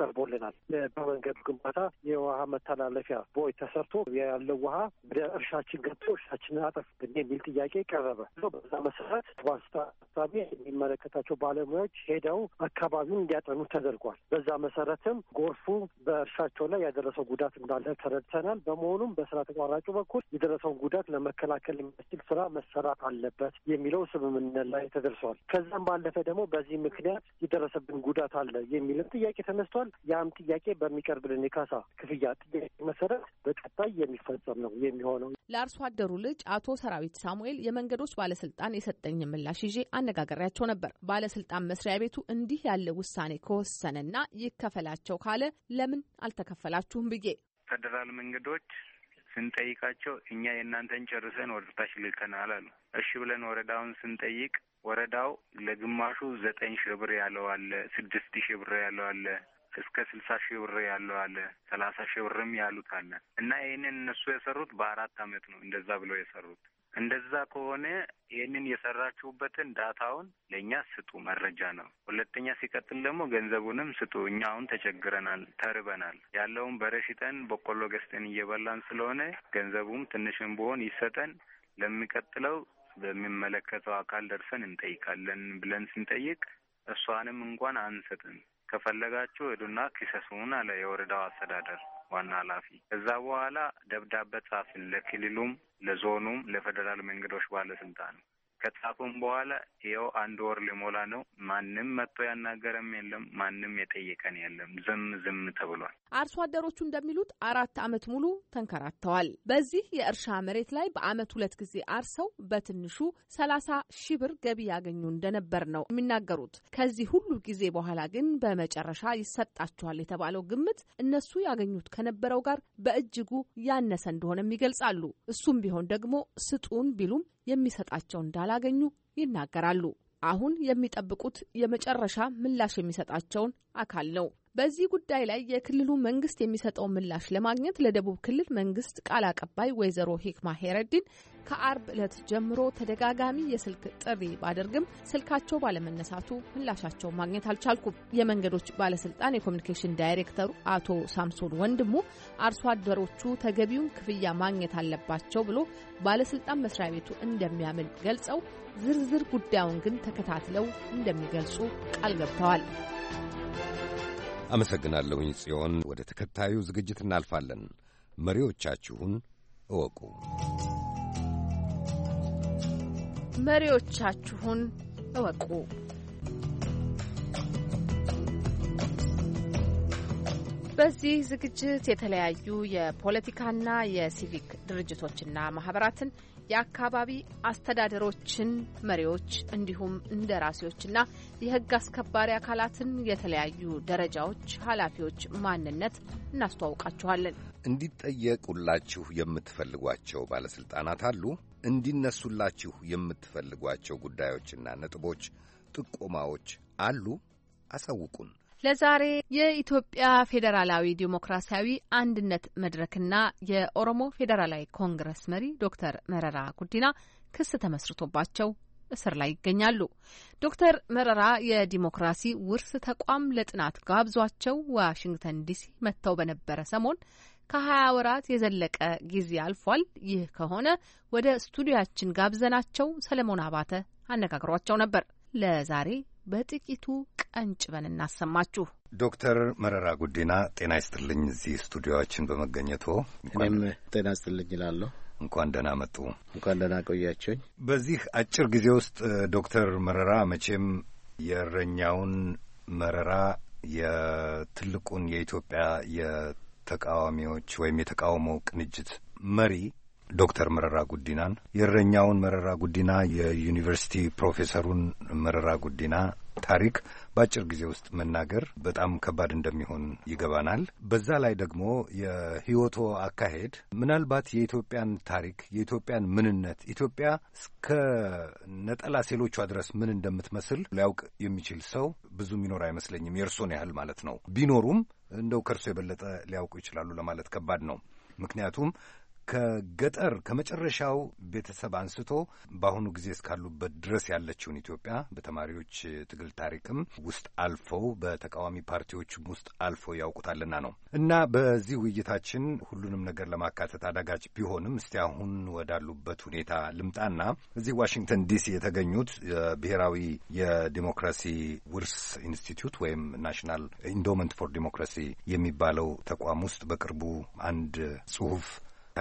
ቀርቦልናል። በመንገዱ ግንባታ የውሃ መተላለፊያ ቦይ ተሰርቶ ያለው ውሃ ወደ እርሻችን ገብቶ እርሻችንን አጠፍብን የሚል ጥያቄ ቀረበ። በዛ መሰረት ዋስታ አሳቢ የሚመለከታቸው ባለሙያዎች ሄደው አካባቢውን እንዲያጠኑ ተደርጓል። በዛ መሰረትም ጎርፉ በእርሻቸው ላይ ያደረሰው ጉዳት እንዳለ ተረድተናል። በመሆኑም በስራ ተቋራጩ በኩል የደረሰውን ጉዳት ለመከላከል የሚያስችል ስራ መሰራት አለበት የሚለው ስምምነት ላይ ተደርሰዋል። ከዛም ባለፈ ደግሞ በዚህ ምክንያት የደረሰብን ጉዳት አለ የሚልም ጥያቄ ተነስቷል። ያም ጥያቄ በሚቀርብልን የካሳ ክፍያ ጥያቄ መሰረት በቀጣይ የሚፈጸም ነው የሚሆነው። ለአርሶ አደሩ ልጅ አቶ ሰራዊት ሳሙኤል የመንገዶች ባለስልጣን የሰጠኝ ምላሽ ይዤ አነጋገሪያቸው ነበር። ባለስልጣን መስሪያ ቤቱ እንዲህ ያለ ውሳኔ ከወሰነና ይከፈላቸው ካለ ለምን አልተከፈላችሁም ብዬ ፌደራል መንገዶች ስንጠይቃቸው እኛ የእናንተን ጨርሰን ወደ ታች ልከናል አሉ። እሺ ብለን ወረዳውን ስንጠይቅ ወረዳው ለግማሹ ዘጠኝ ሺህ ብር ያለው አለ፣ ስድስት ሺህ ብር ያለው አለ፣ እስከ ስልሳ ሺህ ብር ያለው አለ፣ ሰላሳ ሺህ ብርም ያሉት አለ እና ይህንን እነሱ የሰሩት በአራት አመት ነው እንደዛ ብለው የሰሩት። እንደዛ ከሆነ ይህንን የሰራችሁበትን ዳታውን ለእኛ ስጡ፣ መረጃ ነው። ሁለተኛ ሲቀጥል ደግሞ ገንዘቡንም ስጡ። እኛ አሁን ተቸግረናል፣ ተርበናል። ያለውን በረሽጠን በቆሎ ገዝተን እየበላን ስለሆነ ገንዘቡም ትንሽም ቢሆን ይሰጠን፣ ለሚቀጥለው በሚመለከተው አካል ደርሰን እንጠይቃለን ብለን ስንጠይቅ እሷንም እንኳን አንሰጥም ከፈለጋችሁ ሂዱና ክሰሱን አለ የወረዳው አስተዳደር ዋና ኃላፊ። ከዛ በኋላ ደብዳቤ ጻፍን ለክልሉም፣ ለዞኑም፣ ለፌዴራል መንገዶች ባለስልጣን ከጻፉም በኋላ ይኸው አንድ ወር ሊሞላ ነው። ማንም መጥቶ ያናገረም የለም፣ ማንም የጠየቀን የለም። ዝም ዝም ተብሏል። አርሶ አደሮቹ እንደሚሉት አራት ዓመት ሙሉ ተንከራተዋል። በዚህ የእርሻ መሬት ላይ በዓመት ሁለት ጊዜ አርሰው በትንሹ ሰላሳ ሺህ ብር ገቢ ያገኙ እንደነበር ነው የሚናገሩት። ከዚህ ሁሉ ጊዜ በኋላ ግን በመጨረሻ ይሰጣቸዋል የተባለው ግምት እነሱ ያገኙት ከነበረው ጋር በእጅጉ ያነሰ እንደሆነም ይገልጻሉ። እሱም ቢሆን ደግሞ ስጡን ቢሉም የሚሰጣቸው እንዳላገኙ ይናገራሉ። አሁን የሚጠብቁት የመጨረሻ ምላሽ የሚሰጣቸውን አካል ነው። በዚህ ጉዳይ ላይ የክልሉ መንግስት የሚሰጠው ምላሽ ለማግኘት ለደቡብ ክልል መንግስት ቃል አቀባይ ወይዘሮ ሂክማ ሄረዲን ከአርብ ዕለት ጀምሮ ተደጋጋሚ የስልክ ጥሪ ባደርግም ስልካቸው ባለመነሳቱ ምላሻቸው ማግኘት አልቻልኩም። የመንገዶች ባለስልጣን የኮሚኒኬሽን ዳይሬክተሩ አቶ ሳምሶን ወንድሙ አርሶ አደሮቹ ተገቢውን ክፍያ ማግኘት አለባቸው ብሎ ባለስልጣን መስሪያ ቤቱ እንደሚያምን ገልጸው ዝርዝር ጉዳዩን ግን ተከታትለው እንደሚገልጹ ቃል ገብተዋል። አመሰግናለሁኝ ጽዮን። ወደ ተከታዩ ዝግጅት እናልፋለን። መሪዎቻችሁን እወቁ። መሪዎቻችሁን እወቁ። በዚህ ዝግጅት የተለያዩ የፖለቲካና የሲቪክ ድርጅቶችና ማህበራትን የአካባቢ አስተዳደሮችን መሪዎች እንዲሁም እንደራሴዎችና የሕግ አስከባሪ አካላትን የተለያዩ ደረጃዎች ኃላፊዎች ማንነት እናስተዋውቃችኋለን። እንዲጠየቁላችሁ የምትፈልጓቸው ባለሥልጣናት አሉ። እንዲነሱላችሁ የምትፈልጓቸው ጉዳዮችና ነጥቦች፣ ጥቆማዎች አሉ። አሳውቁን። ለዛሬ የኢትዮጵያ ፌዴራላዊ ዲሞክራሲያዊ አንድነት መድረክና የኦሮሞ ፌዴራላዊ ኮንግረስ መሪ ዶክተር መረራ ጉዲና ክስ ተመስርቶባቸው እስር ላይ ይገኛሉ። ዶክተር መረራ የዲሞክራሲ ውርስ ተቋም ለጥናት ጋብዟቸው ዋሽንግተን ዲሲ መጥተው በነበረ ሰሞን ከሀያ ወራት የዘለቀ ጊዜ አልፏል። ይህ ከሆነ ወደ ስቱዲያችን ጋብዘናቸው ሰለሞን አባተ አነጋግሯቸው ነበር። ለዛሬ በጥቂቱ ቀንጭበን እናሰማችሁ። ዶክተር መረራ ጉዲና ጤና ይስጥልኝ። እዚህ ስቱዲዮችን በመገኘቶ እኔም ጤና ይስጥልኝ ይላለሁ። እንኳን ደህና መጡ። እንኳን ደህና ቆያቸውኝ። በዚህ አጭር ጊዜ ውስጥ ዶክተር መረራ መቼም የእረኛውን መረራ የትልቁን የኢትዮጵያ የተቃዋሚዎች ወይም የተቃውሞ ቅንጅት መሪ ዶክተር መረራ ጉዲናን የእረኛውን መረራ ጉዲና የዩኒቨርሲቲ ፕሮፌሰሩን መረራ ጉዲና ታሪክ በአጭር ጊዜ ውስጥ መናገር በጣም ከባድ እንደሚሆን ይገባናል። በዛ ላይ ደግሞ የህይወቶ አካሄድ ምናልባት የኢትዮጵያን ታሪክ የኢትዮጵያን ምንነት ኢትዮጵያ እስከ ነጠላ ሴሎቿ ድረስ ምን እንደምትመስል ሊያውቅ የሚችል ሰው ብዙ የሚኖር አይመስለኝም። የእርሶን ያህል ማለት ነው። ቢኖሩም እንደው ከእርሶ የበለጠ ሊያውቁ ይችላሉ ለማለት ከባድ ነው። ምክንያቱም ከገጠር ከመጨረሻው ቤተሰብ አንስቶ በአሁኑ ጊዜ እስካሉበት ድረስ ያለችውን ኢትዮጵያ በተማሪዎች ትግል ታሪክም ውስጥ አልፈው በተቃዋሚ ፓርቲዎችም ውስጥ አልፈው ያውቁታልና ነው እና በዚህ ውይይታችን ሁሉንም ነገር ለማካተት አዳጋች ቢሆንም እስቲ አሁን ወዳሉበት ሁኔታ ልምጣና እዚህ ዋሽንግተን ዲሲ የተገኙት ብሔራዊ የዲሞክራሲ ውርስ ኢንስቲትዩት ወይም ናሽናል ኢንዶመንት ፎር ዲሞክራሲ የሚባለው ተቋም ውስጥ በቅርቡ አንድ ጽሁፍ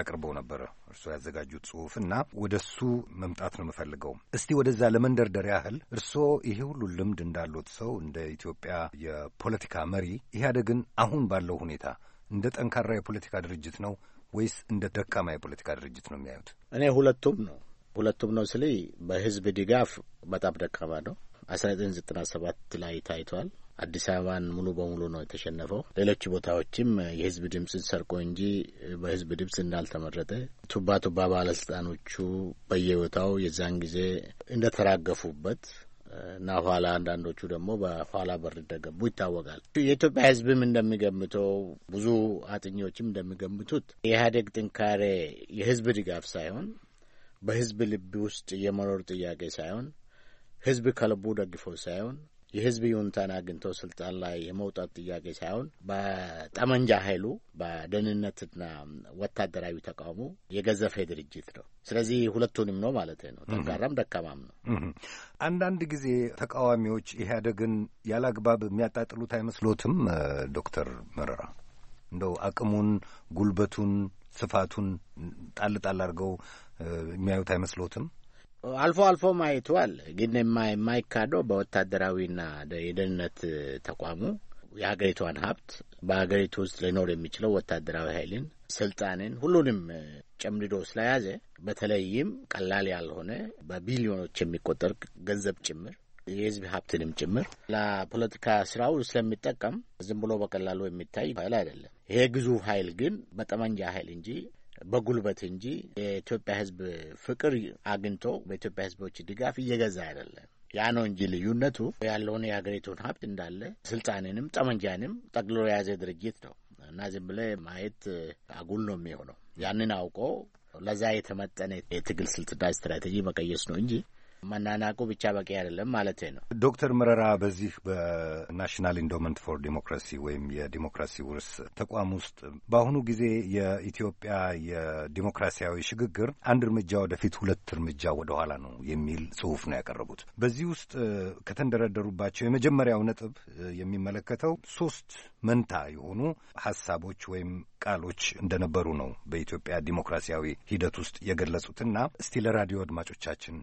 አቅርበው ነበረ እርስዎ ያዘጋጁት ጽሁፍና ወደ እሱ መምጣት ነው የምፈልገው። እስቲ ወደዛ ለመንደርደር ያህል እርስዎ ይሄ ሁሉ ልምድ እንዳሉት ሰው እንደ ኢትዮጵያ የፖለቲካ መሪ ኢህአዴግን አሁን ባለው ሁኔታ እንደ ጠንካራ የፖለቲካ ድርጅት ነው ወይስ እንደ ደካማ የፖለቲካ ድርጅት ነው የሚያዩት? እኔ ሁለቱም ነው ሁለቱም ነው ስል በህዝብ ድጋፍ በጣም ደካማ ነው። አስራ ዘጠኝ ዘጠና ሰባት ላይ ታይቷል። አዲስ አበባን ሙሉ በሙሉ ነው የተሸነፈው። ሌሎች ቦታዎችም የህዝብ ድምፅን ሰርቆ እንጂ በህዝብ ድምፅ እንዳልተመረጠ ቱባ ቱባ ባለስልጣኖቹ በየቦታው የዛን ጊዜ እንደተራገፉበት እና ኋላ አንዳንዶቹ ደግሞ በኋላ በር እንደገቡ ይታወቃል። የኢትዮጵያ ህዝብም እንደሚገምተው ብዙ አጥኚዎችም እንደሚገምቱት የኢህአዴግ ጥንካሬ የህዝብ ድጋፍ ሳይሆን በህዝብ ልብ ውስጥ የመኖር ጥያቄ ሳይሆን ህዝብ ከልቡ ደግፈው ሳይሆን የህዝብ ይሁንታን አግኝተው ስልጣን ላይ የመውጣት ጥያቄ ሳይሆን በጠመንጃ ኃይሉ በደህንነትና ወታደራዊ ተቃውሞ የገዘፈ ድርጅት ነው። ስለዚህ ሁለቱንም ነው ማለት ነው። ጠንካራም ደካማም ነው። አንዳንድ ጊዜ ተቃዋሚዎች ኢህአዴግን ያለ የሚያጣጥሉት አይመስሎትም? ዶክተር መረራ እንደው አቅሙን፣ ጉልበቱን፣ ስፋቱን ጣል ጣል አድርገው የሚያዩት አይመስሎትም? አልፎ አልፎ ማየቱ አለ። ግን የማይካደው በወታደራዊና የደህንነት ተቋሙ የሀገሪቷን ሀብት በሀገሪቱ ውስጥ ሊኖር የሚችለው ወታደራዊ ኃይልን፣ ስልጣንን ሁሉንም ጨምድዶ ስለያዘ በተለይም ቀላል ያልሆነ በቢሊዮኖች የሚቆጠር ገንዘብ ጭምር የህዝብ ሀብትንም ጭምር ለፖለቲካ ስራው ስለሚጠቀም ዝም ብሎ በቀላሉ የሚታይ ኃይል አይደለም። ይሄ ግዙፍ ኃይል ግን በጠመንጃ ኃይል እንጂ በጉልበት እንጂ የኢትዮጵያ ሕዝብ ፍቅር አግኝቶ በኢትዮጵያ ሕዝቦች ድጋፍ እየገዛ አይደለም። ያ ነው እንጂ ልዩነቱ ያለውን የሀገሪቱን ሀብት እንዳለ ስልጣኔንም ጠመንጃንም ጠቅልሎ የያዘ ድርጅት ነው እና ዝም ብለህ ማየት አጉል ነው የሚሆነው። ያንን አውቆ ለዛ የተመጠነ የትግል ስልትና ስትራቴጂ መቀየስ ነው እንጂ መናናቁ ብቻ በቂ አይደለም ማለት ነው። ዶክተር መረራ በዚህ በናሽናል ኢንዶመንት ፎር ዲሞክራሲ ወይም የዲሞክራሲ ውርስ ተቋም ውስጥ በአሁኑ ጊዜ የኢትዮጵያ የዲሞክራሲያዊ ሽግግር አንድ እርምጃ ወደፊት ሁለት እርምጃ ወደኋላ ነው የሚል ጽሁፍ ነው ያቀረቡት። በዚህ ውስጥ ከተንደረደሩባቸው የመጀመሪያው ነጥብ የሚመለከተው ሶስት መንታ የሆኑ ሀሳቦች ወይም ቃሎች እንደነበሩ ነው በኢትዮጵያ ዲሞክራሲያዊ ሂደት ውስጥ የገለጹትና እስቲ ለራዲዮ አድማጮቻችን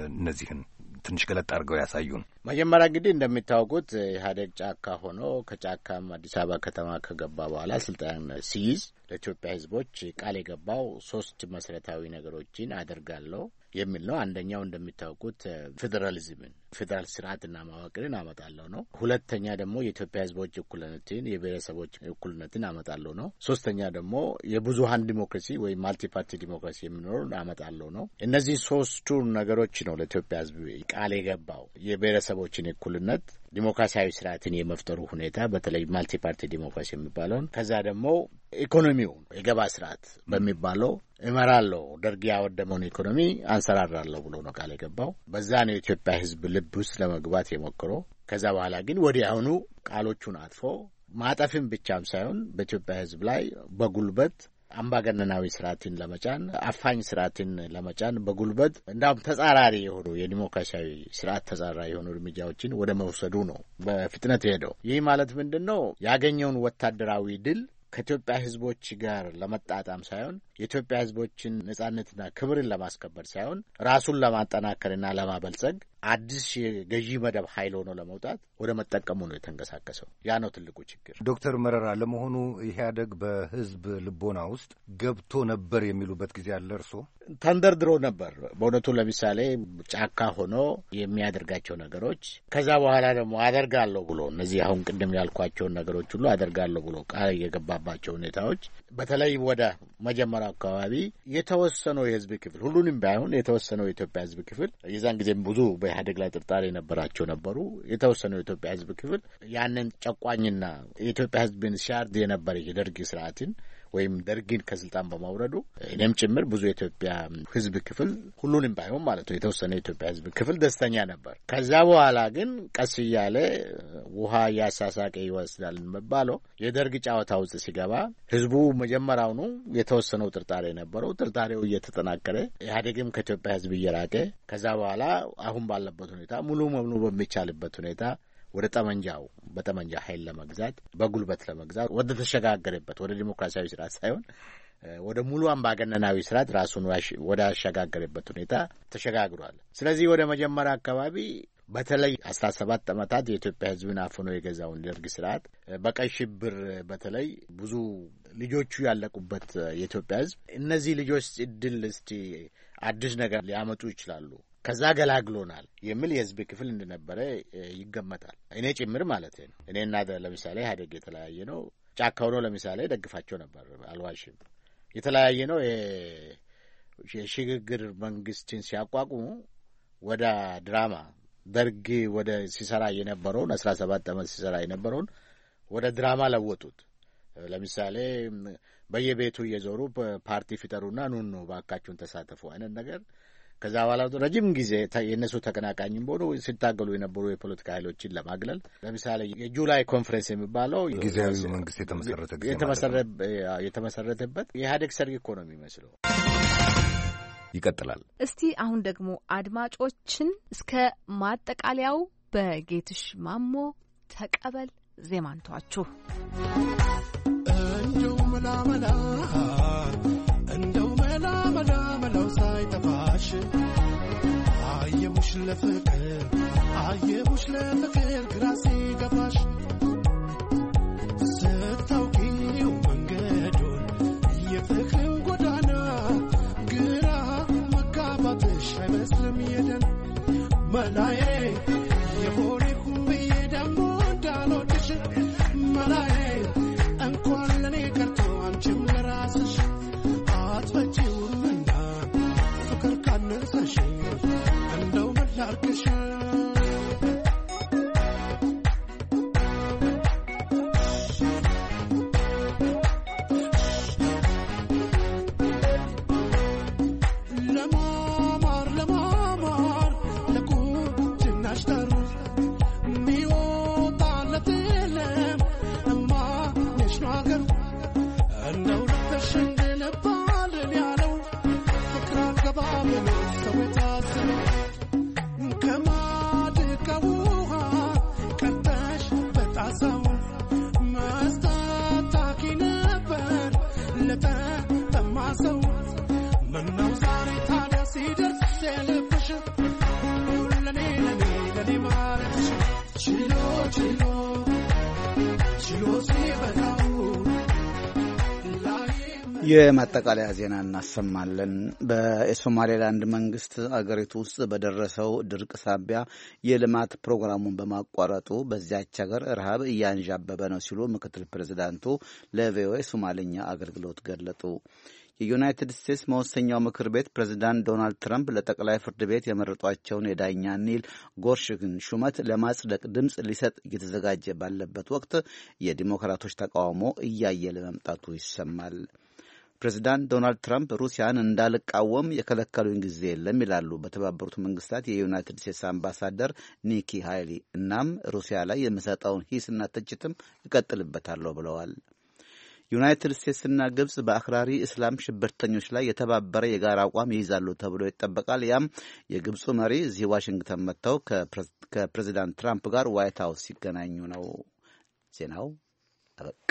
እነዚህን ትንሽ ገለጥ አድርገው ያሳዩን። መጀመሪያ እንግዲህ እንደሚታወቁት ኢህአዴግ ጫካ ሆኖ ከጫካም አዲስ አበባ ከተማ ከገባ በኋላ ስልጣን ሲይዝ ለኢትዮጵያ ሕዝቦች ቃል የገባው ሶስት መሰረታዊ ነገሮችን አደርጋለሁ የሚል ነው። አንደኛው እንደሚታወቁት ፌዴራሊዝምን ፌዴራል ስርዓትና መዋቅርን አመጣለሁ ነው። ሁለተኛ ደግሞ የኢትዮጵያ ሕዝቦች እኩልነትን የብሔረሰቦች እኩልነትን አመጣለሁ ነው። ሶስተኛ ደግሞ የብዙሀን ዲሞክራሲ ወይም ማልቲፓርቲ ዲሞክራሲ የሚኖሩን አመጣለሁ ነው። እነዚህ ሶስቱ ነገሮች ነው ለኢትዮጵያ ሕዝብ ቃል የገባው የብሔረሰቦችን እኩልነት ዲሞክራሲያዊ ስርዓትን የመፍጠሩ ሁኔታ በተለይ ማልቲፓርቲ ዲሞክራሲ የሚባለውን ከዛ ደግሞ ኢኮኖሚው የገባ ስርዓት በሚባለው እመራለሁ፣ ደርግ ያወደመውን ኢኮኖሚ አንሰራራለሁ ብሎ ነው ቃል የገባው። በዛ ነው የኢትዮጵያ ሕዝብ ልብ ውስጥ ለመግባት የሞክሮ ከዛ በኋላ ግን ወዲያውኑ ቃሎቹን አጥፎ ማጠፍም ብቻም ሳይሆን በኢትዮጵያ ሕዝብ ላይ በጉልበት አምባገነናዊ ስርዓትን ለመጫን አፋኝ ስርዓትን ለመጫን በጉልበት እንዳውም ተጻራሪ የሆኑ የዲሞክራሲያዊ ስርዓት ተጻራሪ የሆኑ እርምጃዎችን ወደ መውሰዱ ነው በፍጥነት ሄደው። ይህ ማለት ምንድን ነው? ያገኘውን ወታደራዊ ድል ከኢትዮጵያ ህዝቦች ጋር ለመጣጣም ሳይሆን የኢትዮጵያ ሕዝቦችን ነጻነትና ክብርን ለማስከበር ሳይሆን ራሱን ለማጠናከርና ለማበልጸግ አዲስ የገዢ መደብ ኃይል ሆኖ ለመውጣት ወደ መጠቀሙ ነው የተንቀሳቀሰው። ያ ነው ትልቁ ችግር። ዶክተር መረራ ለመሆኑ ኢህአደግ በህዝብ ልቦና ውስጥ ገብቶ ነበር የሚሉበት ጊዜ አለ? እርሶ ተንደርድሮ ነበር በእውነቱ። ለምሳሌ ጫካ ሆኖ የሚያደርጋቸው ነገሮች ከዛ በኋላ ደግሞ አደርጋለሁ ብሎ እነዚህ አሁን ቅድም ያልኳቸውን ነገሮች ሁሉ አደርጋለሁ ብሎ ቃል የገባባቸው ሁኔታዎች በተለይ ወደ መጀመሪያው አካባቢ የተወሰነው የህዝብ ክፍል ሁሉንም ባይሆን የተወሰነው የኢትዮጵያ ህዝብ ክፍል የዛን ጊዜም ብዙ በኢህአዴግ ላይ ጥርጣሬ የነበራቸው ነበሩ። የተወሰነው የኢትዮጵያ ህዝብ ክፍል ያንን ጨቋኝና የኢትዮጵያ ህዝብን ሲያርድ የነበረ የደርግ ስርዓትን ወይም ደርግን ከስልጣን በማውረዱ እኔም ጭምር ብዙ የኢትዮጵያ ሕዝብ ክፍል ሁሉንም ባይሆን ማለት ነው የተወሰነ የኢትዮጵያ ሕዝብ ክፍል ደስተኛ ነበር። ከዛ በኋላ ግን ቀስ እያለ ውሃ እያሳሳቀ ይወስዳል የሚባለው የደርግ ጨዋታ ውስጥ ሲገባ ሕዝቡ መጀመሪያውኑ የተወሰነው ጥርጣሬ ነበረው። ጥርጣሬው እየተጠናከረ ኢህአዴግም ከኢትዮጵያ ሕዝብ እየራቀ ከዛ በኋላ አሁን ባለበት ሁኔታ ሙሉ በሙሉ በሚቻልበት ሁኔታ ወደ ጠመንጃው በጠመንጃ ኃይል ለመግዛት በጉልበት ለመግዛት ወደ ተሸጋገረበት ወደ ዲሞክራሲያዊ ስርዓት ሳይሆን ወደ ሙሉ አምባገነናዊ ስርዓት ራሱን ወደ አሸጋገረበት ሁኔታ ተሸጋግሯል። ስለዚህ ወደ መጀመሪያ አካባቢ በተለይ አስራ ሰባት ዓመታት የኢትዮጵያ ሕዝብን አፍኖ የገዛውን ደርግ ስርዓት በቀይ ሽብር በተለይ ብዙ ልጆቹ ያለቁበት የኢትዮጵያ ሕዝብ እነዚህ ልጆች እድል እስቲ አዲስ ነገር ሊያመጡ ይችላሉ ከዛ ገላግሎናል የሚል የህዝብ ክፍል እንደነበረ ይገመታል። እኔ ጭምር ማለት ነው። እኔና ለምሳሌ ኢህአዴግ የተለያየ ነው። ጫካ ሆኖ ለምሳሌ ደግፋቸው ነበር፣ አልዋሽም። የተለያየ ነው። የሽግግር መንግስትን ሲያቋቁሙ ወደ ድራማ ደርግ ወደ ሲሰራ የነበረውን አስራ ሰባት ዓመት ሲሰራ የነበረውን ወደ ድራማ ለወጡት። ለምሳሌ በየቤቱ እየዞሩ ፓርቲ ፍጠሩና ኑኑ ባካችሁን ተሳተፉ አይነት ነገር ከዛ በኋላ ረጅም ጊዜ የእነሱ ተቀናቃኝም በሆኑ ሲታገሉ የነበሩ የፖለቲካ ኃይሎችን ለማግለል ለምሳሌ የጁላይ ኮንፈረንስ የሚባለው ጊዜያዊ መንግስት የተመሰረተበት የኢህአዴግ ሰርግ እኮ ነው የሚመስለው። ይቀጥላል። እስቲ አሁን ደግሞ አድማጮችን እስከ ማጠቃለያው በጌትሽ ማሞ ተቀበል ዜማንቷችሁ እንዲሁም ላመላ ለፍቅር አየሁሽ ለፍቅር ግራ ሲገባሽ የማጠቃለያ ዜና እናሰማለን። በሶማሌላንድ መንግስት አገሪቱ ውስጥ በደረሰው ድርቅ ሳቢያ የልማት ፕሮግራሙን በማቋረጡ በዚያች ሀገር ረሃብ እያንዣበበ ነው ሲሉ ምክትል ፕሬዚዳንቱ ለቪኦኤ ሶማልኛ አገልግሎት ገለጡ። የዩናይትድ ስቴትስ መወሰኛው ምክር ቤት ፕሬዚዳንት ዶናልድ ትራምፕ ለጠቅላይ ፍርድ ቤት የመረጧቸውን የዳኛ ኒል ጎርሽግን ሹመት ለማጽደቅ ድምፅ ሊሰጥ እየተዘጋጀ ባለበት ወቅት የዲሞክራቶች ተቃውሞ እያየለ መምጣቱ ይሰማል። ፕሬዚዳንት ዶናልድ ትራምፕ ሩሲያን እንዳልቃወም የከለከሉኝ ጊዜ የለም ይላሉ በተባበሩት መንግስታት የዩናይትድ ስቴትስ አምባሳደር ኒኪ ሃይሊ። እናም ሩሲያ ላይ የምሰጠውን ሂስና ትችትም እቀጥልበታለሁ ብለዋል። ዩናይትድ ስቴትስና ግብጽ በአክራሪ እስላም ሽብርተኞች ላይ የተባበረ የጋራ አቋም ይይዛሉ ተብሎ ይጠበቃል። ያም የግብፁ መሪ እዚህ ዋሽንግተን መጥተው ከፕሬዚዳንት ትራምፕ ጋር ዋይት ሀውስ ሲገናኙ ነው። ዜናው አበቃ።